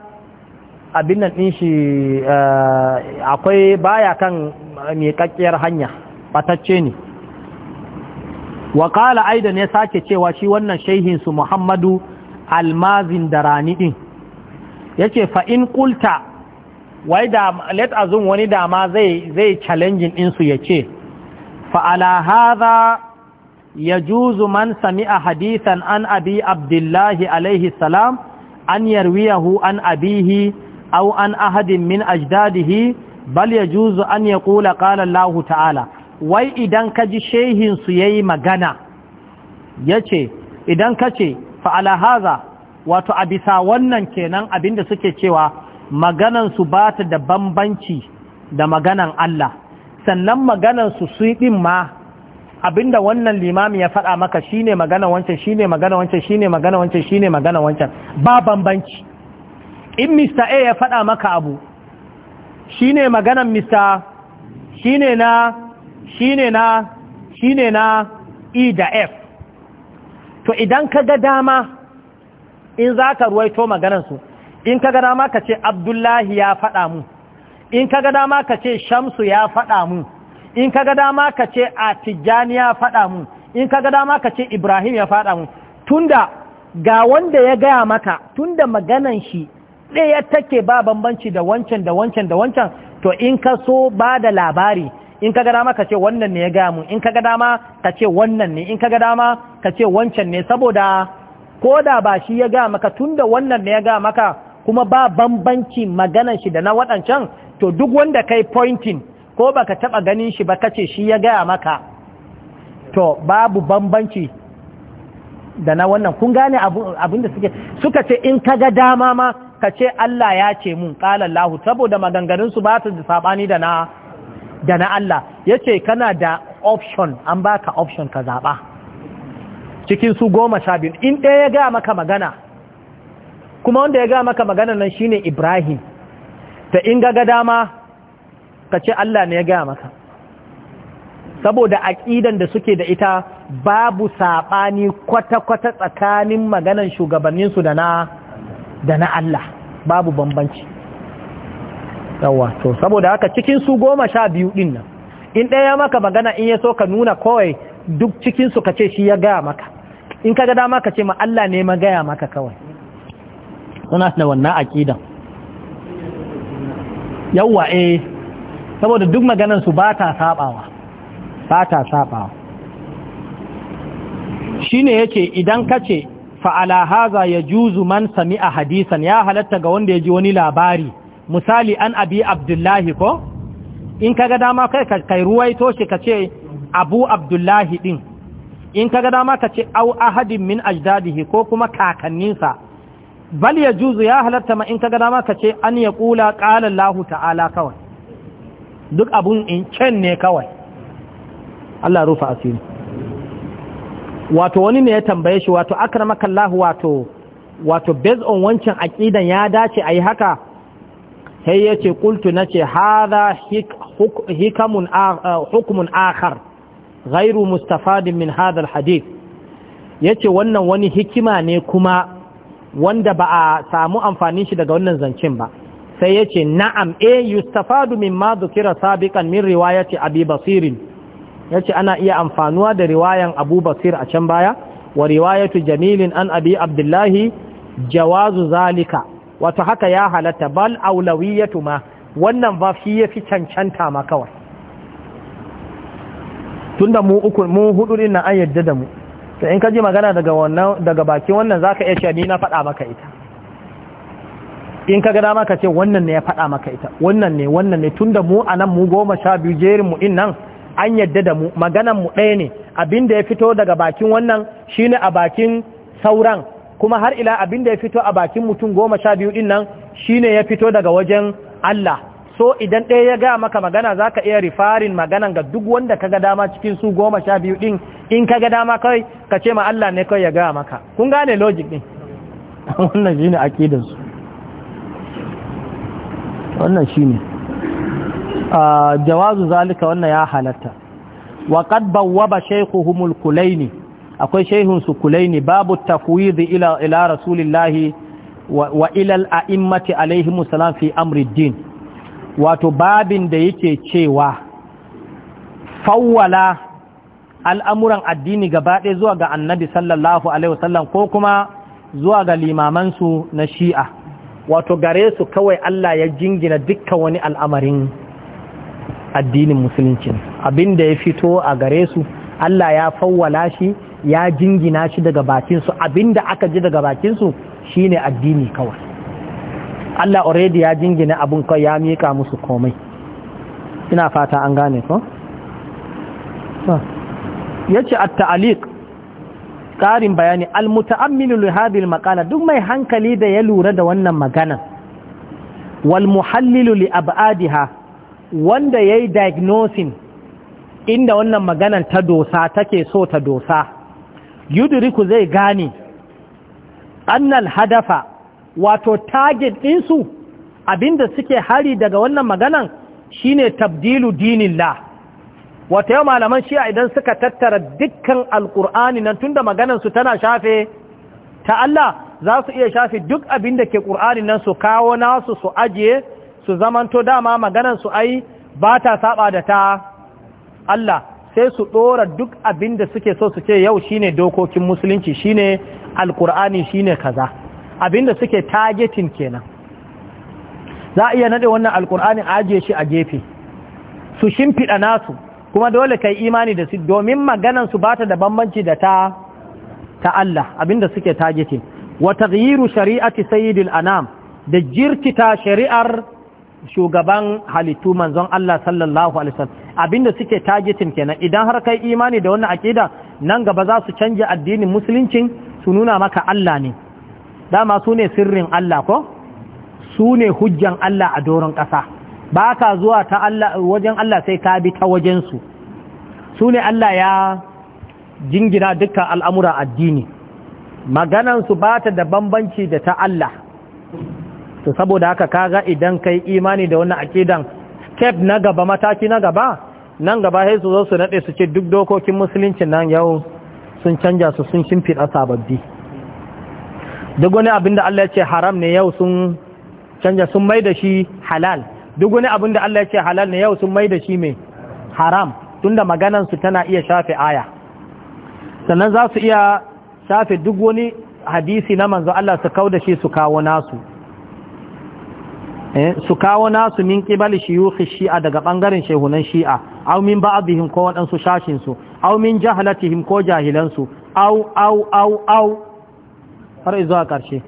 abin nan din shi eh, akwai baya kan miƙaƙƙiyar hanya batacce ne wa kala aidan ya sake cewa shi wannan shaihinsu muhammadu almazin da rani din ya ce fa'in kulta wai da let azun wani dama zai challenging ɗinsu ya ce fa'ala haza Yajuzu man sami a hadithan an abi abdullahi alaihi salam an yarwiyahu an abihi Au an ahadin min ajdadihi bal yajuzu an ya kula kala ta'ala wai idan ka ji su ya yi magana ya ce idan ka ce fa’ala haza wato a bisa wannan kenan abinda suke cewa maganansu ba ta da bambanci da maganan Allah sannan maganansu su yi ma abinda wannan limami ya faɗa maka shine magana wancan shine magana wancan shine magana wancan shine magana wancan ba bambanci in Mr. A ya faɗa maka abu shine maganan Mr. shine na shine na shine na E da F to idan ka ga dama in za ka ruwaito maganansu in ka ga dama ka ce Abdullahi ya faɗa mu in ka ga dama ka ce Shamsu ya faɗa mu in ka ga dama ka ce a tijjani ya faɗa mun in ka ga dama ka ce ibrahim ya faɗa mun tunda ga wanda ya gaya maka tunda maganan shi ɗaya take ba bambanci da wancan da wancan da wancan to in ka so ba da labari in ka ga dama ka ce wannan ne ya gaya mun in ka ga dama ka ce wannan ne in ka ga dama ka ce wancan ne saboda ko da ba shi ya gaya maka tunda wannan ne ya gaya maka kuma ba bambanci maganan shi da na waɗancan to duk wanda kai pointing ko baka taɓa ganin shi ba kace shi ya gaya maka to babu bambanci da na wannan kun gane abinda suke suka ce in kaga dama ma ka ce Allah ya ce mun qala Allah saboda maganganun su ba su da sabani da na da na Allah yace kana da option an baka option ka zaba cikin su goma sha biyu in ɗaya ya gaya maka magana kuma wanda ya gaya maka magana nan shine Ibrahim ta in ga dama ka ce Allah ne ya gaya maka saboda aƙidan da suke da ita babu saɓani kwata-kwata tsakanin maganan shugabanninsu da na da na Allah babu bambanci yawa to saboda haka cikin su goma sha biyu ɗin nan in ɗaya maka magana in ya so ka nuna kawai duk cikinsu ka ce shi ya gaya maka in ka ga dama ka ce ma Allah ne ma gaya maka kawai suna da wannan aƙidan yawa eh saboda duk maganar su ba ta sabawa ba ta sabawa shine yace idan kace fa haza ya juzu man sami hadisan ya halatta ga wanda ya ji wani labari misali an abi abdullahi ko in kaga dama kai kai ruwaito shi ka abu abdullahi din in kaga dama ka ce au ahadin min ajdadihi ko kuma kakanninsa bal ya juzu ya halatta ma in kaga dama ka an ya kula allah ta'ala kawai duk abun in can ne kawai Allah rufa asiri wato wani ne ya tambaye shi wato akramakallahu wato wato based on wancan aqidan ya dace ayi haka sai yace qultu nace hadha hikamun hukmun akhar ghairu mustafadin min hadha alhadith yace wannan wani hikima ne kuma wanda ba a samu amfanin shi daga wannan zancen ba sai ya ce na'am e yustafadu min ma zukira sabiƙan min ce abi basirin ya ce ana iya amfanuwa da riwayan abu basir a can baya wa riwayatu jamilin an abi abdullahi jawazu zalika wato haka ya halatta bal aulawiyatu ma wannan ba shi ya fi cancanta ma kawai tunda mu uku mu hudu din an yadda da mu sai in ka ji magana daga wannan daga bakin wannan zaka iya cewa na faɗa maka ita in ka ga dama ce wannan ne ya faɗa maka ita wannan ne wannan ne tun da mu a nan mu goma sha biyu jerin mu in nan an yadda da mu maganan mu ɗaya ne abin da ya fito daga bakin wannan shine a bakin sauran kuma har ila abin da ya fito a bakin mutum goma sha biyu din nan shine ya fito daga wajen Allah so idan ɗaya ya gaya maka magana za ka iya rifarin maganan ga duk wanda ka ga dama cikin su goma sha biyu ɗin in ka ga dama kai ka ce ma Allah ne kai ya gaya maka kun gane logic ɗin (laughs) wannan shine akidansu wannan shi a jawazu zalika wannan ya halatta wa qad bawwaba Humul kulaini akwai shaihun su kulaini babu tafwid ila ila rasulillahi wa ila al-a'immati alaihim musallam fi amri din wato babin da yake cewa fawwala al'amuran addini gaba ɗaya zuwa ga annabi sallallahu alaihi wasallam ko kuma zuwa ga limamansu na shi'a wato gare su kawai Allah ya jingina dukkan wani al'amarin addinin musulunci abin ya fito a gare su Allah ya fawwala shi ya jingina shi daga bakin abin da aka ji daga bakin su shine addini kawai Allah already ya jingina abun kai ya mika musu komai ina fata an gane ko? yace at-ta'liq ƙarin bayani almuta'ammilu li hadhihi al-maqala duk mai hankali da ya lura da wannan magana wal muhallilu li ab'adiha wanda yayi diagnosing inda wannan maganan ta dosa take so ta dosa yudriku zai gane annal hadafa wato target su? abinda suke hari daga wannan maganan shine tabdilu dinillah wata yau malaman shi'a idan suka tattara dukkan alkur'ani nan tun da su tana shafe ta Allah za su iya shafe duk abin da ke ƙur'ani nan su kawo nasu su ajiye su zamanto dama maganar su ai ba ta saba da ta Allah sai su ɗora duk abin da suke so su ce yau shine dokokin musulunci shine alkur'ani shine kaza abin da suke tagetin kenan za a iya naɗe wannan alkur'ani ajiye shi a gefe su shimfiɗa nasu kuma dole ka yi imani da su domin maganan su bata da bambanci da ta ta Allah abinda suke tagete wa taghyiru shari'ati sayyidil anam da jirkita shari'ar shugaban halittu manzon Allah sallallahu alaihi wasallam abinda suke tagetin kenan idan har kai imani da wannan akida nan gaba za su canja addinin musuluncin su nuna maka Allah ne dama sune sirrin Allah ko Sune hujjan Allah a doron ƙasa ba ka zuwa ta Allah wajen Allah sai ka bi ta wajensu su ne Allah ya jingina dukkan al'amura addini maganansu ba ta da bambanci da ta Allah to saboda haka ka ga idan kai imani da wannan akidan step na gaba mataki na gaba nan gaba sai su zo su nade su ce duk dokokin musulunci nan yau sun canja su sun shimfiɗa sababbi duk wani abin da Allah ya ce haram ne yau sun canja sun mai da shi halal duk wani abin da Allah ya ce halal ne yau sun mai da shi mai haram tunda maganan su tana iya shafe aya sannan za su iya shafe duk wani hadisi na manzo Allah su kau da shi su kawo nasu eh, su kawo nasu min kibali shiyuhi shi'a daga bangaren shehunan shi'a aw min ba'dihim ko waɗansu su aw min jahalatihim ko jahilansu au au au aw har izuwa ƙarshe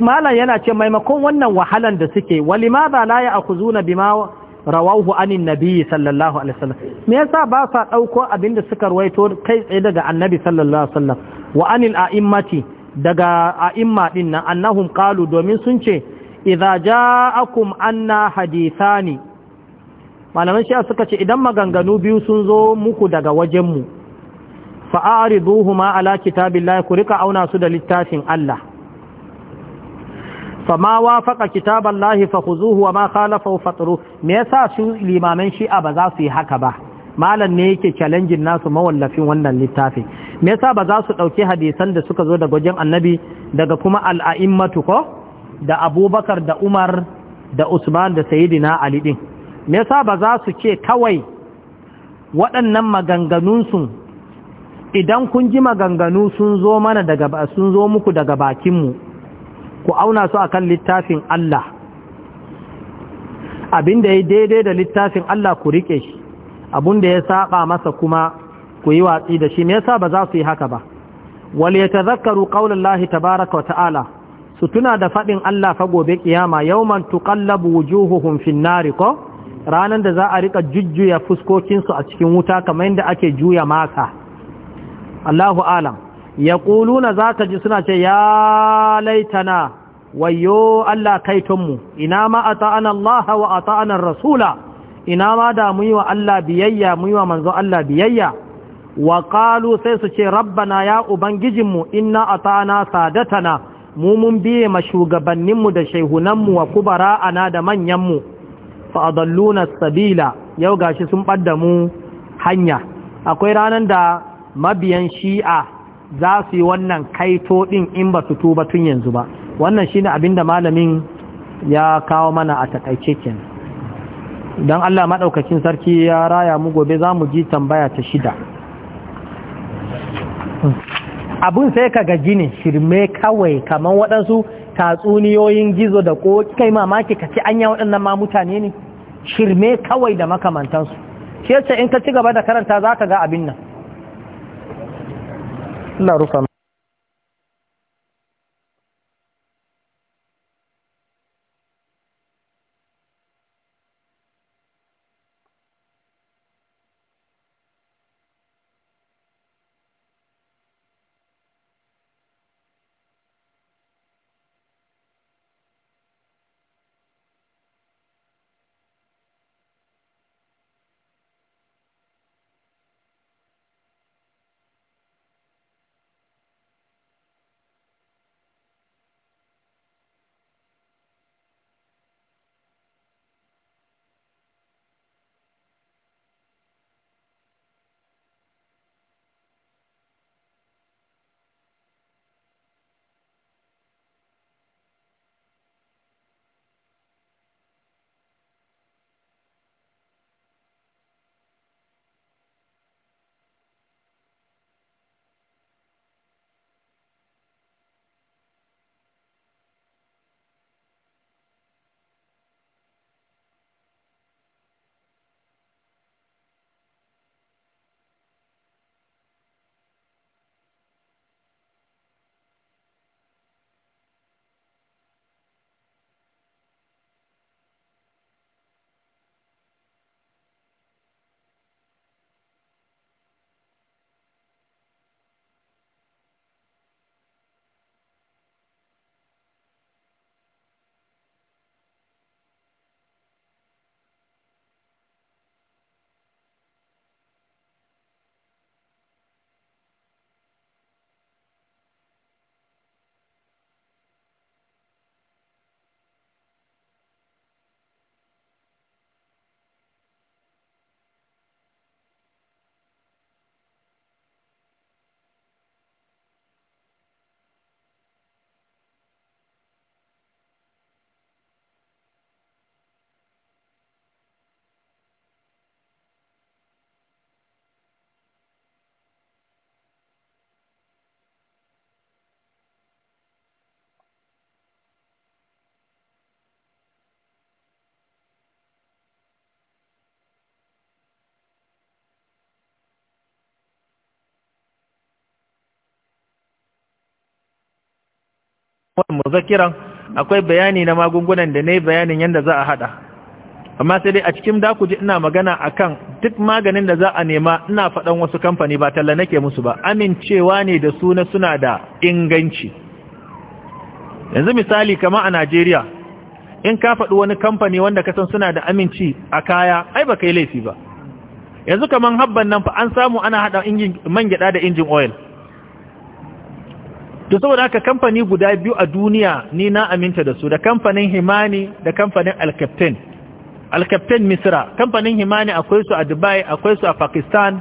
malam yana ce maimakon wannan wahalan da suke walimadha la bi bima rawahu anin nabi sallallahu alaihi wasallam me yasa ba sa dauko abinda suka ruwaito kai tsaye daga annabi sallallahu alaihi wasallam wa anil a'immati daga a'imma din nan annahum qalu domin sun ce idza ja'akum anna hadithani malaman shi suka ce idan maganganu biyu sun zo muku daga wajen mu wajenmu ma ala kitabillahi ku rika auna su da littafin Allah fama wafaqa kitaballahi fakhuzuhu wama khalafahu fatru me yasa su limaman shi'a ba za su yi haka ba malam ne yake challenging nasu mawallafin wannan littafin me yasa ba za su dauke hadisan da suka zo da wajen annabi daga kuma al'a'immatu ko da abubakar da umar da usman da sayyidina ali din me yasa ba za su ce kawai waɗannan maganganunsu idan kun ji maganganu sun zo mana daga sun zo muku daga bakinmu ku auna su akan littafin Allah abin da ya daidai da littafin Allah ku rike shi abinda ya saba masa kuma ku yi watsi da shi me yasa ba za su yi haka ba wal yatazakkaru qaulallahi tabaaraka wa ta'ala su tuna da fadin Allah fa gobe kiyama yawman tuqallabu wujuhuhum fin nar ko ranan da za a rika jujjuya fuskokin su a cikin wuta kamar yadda ake juya masa Allahu alam yaquluna ta ji suna ce ya laitana wayo Allah kaitonmu ina ma ata'ana Allah wa ata'ana rasula ina ma da yi wa Allah biyayya yi wa manzo Allah biyayya wa qalu sai su ce rabbana ya ubangijinmu inna ata'ana sadatana mu mun biye ma shugabanninmu da shaihunanmu wa kubara kubara'ana da manyanmu fa adalluna sabila yau gashi sun ɓadda mu hanya akwai ranar da mabiyan shi'a za su yi wannan kaito ɗin in ba su tuba tun yanzu ba wannan shine abinda malamin ya kawo mana a taƙaice kenan don Allah maɗaukacin sarki ya raya mu gobe za mu ji tambaya ta shida abin sai ka ga ne shirme kawai kamar waɗansu tatsuniyoyin gizo da ko kai mamaki ka ci anya waɗannan ma mutane ne shirme kawai da makamantansu shi in ka ci gaba da karanta za ka ga abin nan la rufa wani muzakiran akwai bayani na magungunan da na yi bayanin yadda za a hada amma sai dai a cikin dakuji ina magana akan duk maganin da za a nema ina faɗan wasu kamfani ba talla nake musu ba amincewa ne da suna suna da inganci yanzu misali kama a Najeriya in ka faɗi wani kamfani wanda ka san suna da aminci a kaya ai ba kai laifi ba yanzu kaman habban nan fa an samu ana haɗa man gyaɗa da injin oil to saboda haka kamfani guda biyu a duniya ni na aminta da su da kamfanin himani da kamfanin alkaftin alkaftin misra kamfanin himani akwai su a dubai akwai su a pakistan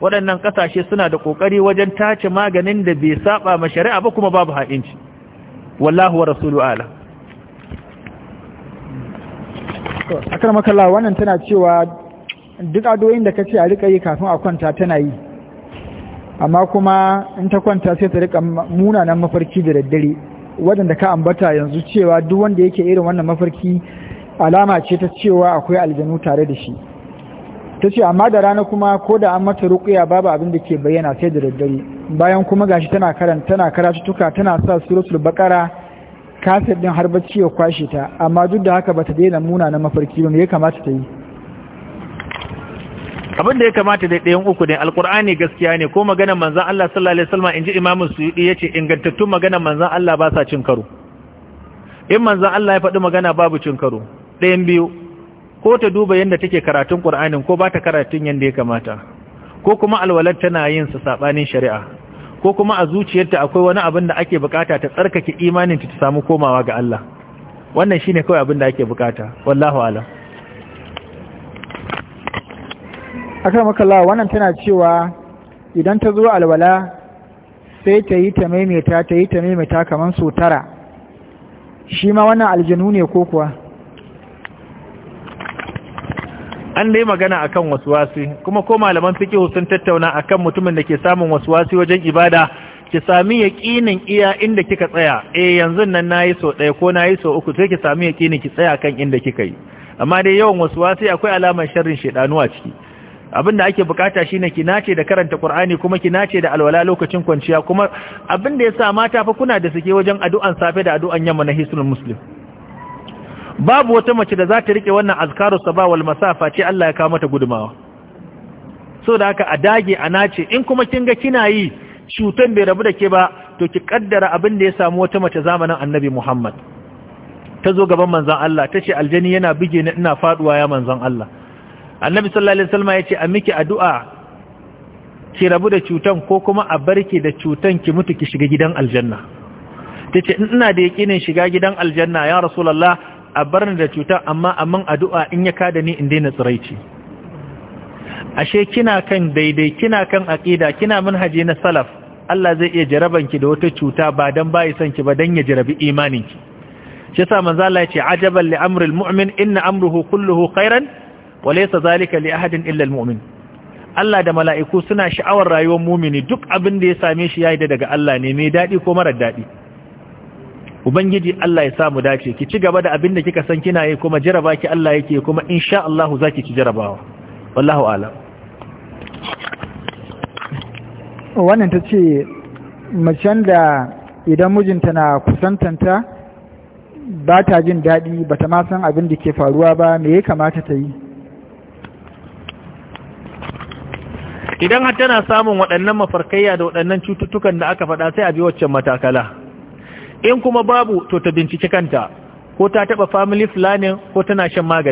waɗannan ƙasashe suna da ƙoƙari wajen tace maganin da bai saba ma shari'a ba kuma babu haɗinci. wallahu wa rasulu ala akar makalla wannan tana cewa duk adoyin da kace a rika yi kafin a kwanta tana yi amma kuma in ta kwanta sai ta rika munanan mafarki da daddare waɗanda ka ambata yanzu cewa duk wanda yake irin wannan mafarki alama ce ta cewa akwai aljanu tare da shi ta ce amma da rana kuma ko da an mata ruƙuya babu abin da ke bayyana sai da daddare bayan kuma gashi tana karanta tana karatutuka tana sa suratul baqara kasir din har bacci ya kwashe ta amma duk da haka bata daina munanan mafarki ba me ya kamata ta yi abin da ya kamata da ɗayan uku ne alƙur'ani gaskiya ne ko maganar manzan Allah sallallahu alaihi wasallam inji imamu suyudi yace ingantattun maganar manzan Allah ba sa cin karo in manzan Allah ya faɗi magana babu cin karo ɗayan biyu ko ta duba yadda take karatun ƙur'anin ko ba ta karatun yadda ya kamata ko kuma alwalar tana yin sa saɓanin shari'a ko kuma a zuciyarta akwai wani abin da ake bukata ta tsarkake imanin ta ta samu komawa ga Allah wannan shine kawai abin da ake bukata wallahu a'lam aka makalla wannan tana cewa idan ta zo alwala sai ta yi ta maimaita ta yi ta maimaita kamar sau tara shi ma wannan aljanu ne ko kuwa an dai magana akan wasuwasi kuma ko malaman fikihu sun tattauna akan mutumin da ke samun wasuwasi wajen ibada ki sami yaƙinin iya inda kika tsaya e eh, yanzu nan nayi so ɗaya ko nayi so uku sai ki sami yaƙinin ki tsaya kan inda kika yi amma dai yawan wasuwasi akwai alamar sharrin shedanu a ciki Abin da ake bukata shine ki nace da karanta Qur'ani kuma ki nace da alwala lokacin kwanciya kuma abin abinda yasa mata fa kuna da suke wajen addu'an safe da addu'an yamma na hisul muslim babu wata mace da za ta rike wannan azkaru sabah wal masafa ce Allah ya kawo mata gudumawa so da haka a dage a nace in kuma kin ga kina yi cutan bai rabu da ke ba to ki kaddara abin da ya samu wata mace zamanin annabi Muhammad ta zo gaban manzon Allah tace aljani yana bige ni ina faduwa ya manzon Allah annabi sallallahu alaihi wasallam yace a miki addu'a ki rabu da cutan ko kuma a barki da cutan ki mutu ki shiga gidan aljanna tace ina da yakinin shiga gidan aljanna ya rasulullah a barni da cutan amma amman addu'a in ya kada ni in daina tsiraici ashe kina kan daidai kina kan aqida kina manhaji na salaf Allah zai iya jarabanki da wata cuta ba dan bai san ki ba dan ya jarabi imaninki shi yasa manzo Allah ya ajaban li amril mu'min inna amruhu kulluhu khairan وليس zalika li ahadin المؤمن mumin. Allah da mala'iku suna sha'awar rayuwar mumini duk abin da ya same shi ya yi daga Allah ne mai daɗi ko mara daɗi. ubangiji Allah ya samu dace ki ci gaba da abin da kika san kina yi kuma jaraba ki Allah yake kuma insha Allah ki ci jarabawa wallahu ala. wannan ta ce macen da idan mijinta na kusantanta ba ta jin daɗi ba ta ma san abin da ke faruwa ba me ya kamata ta yi idan har tana samun waɗannan mafarkaiya da waɗannan cututtukan da aka faɗa sai a bi waccan matakala in kuma babu to ta binciki kanta ko ta taɓa family planning ko tana shan magani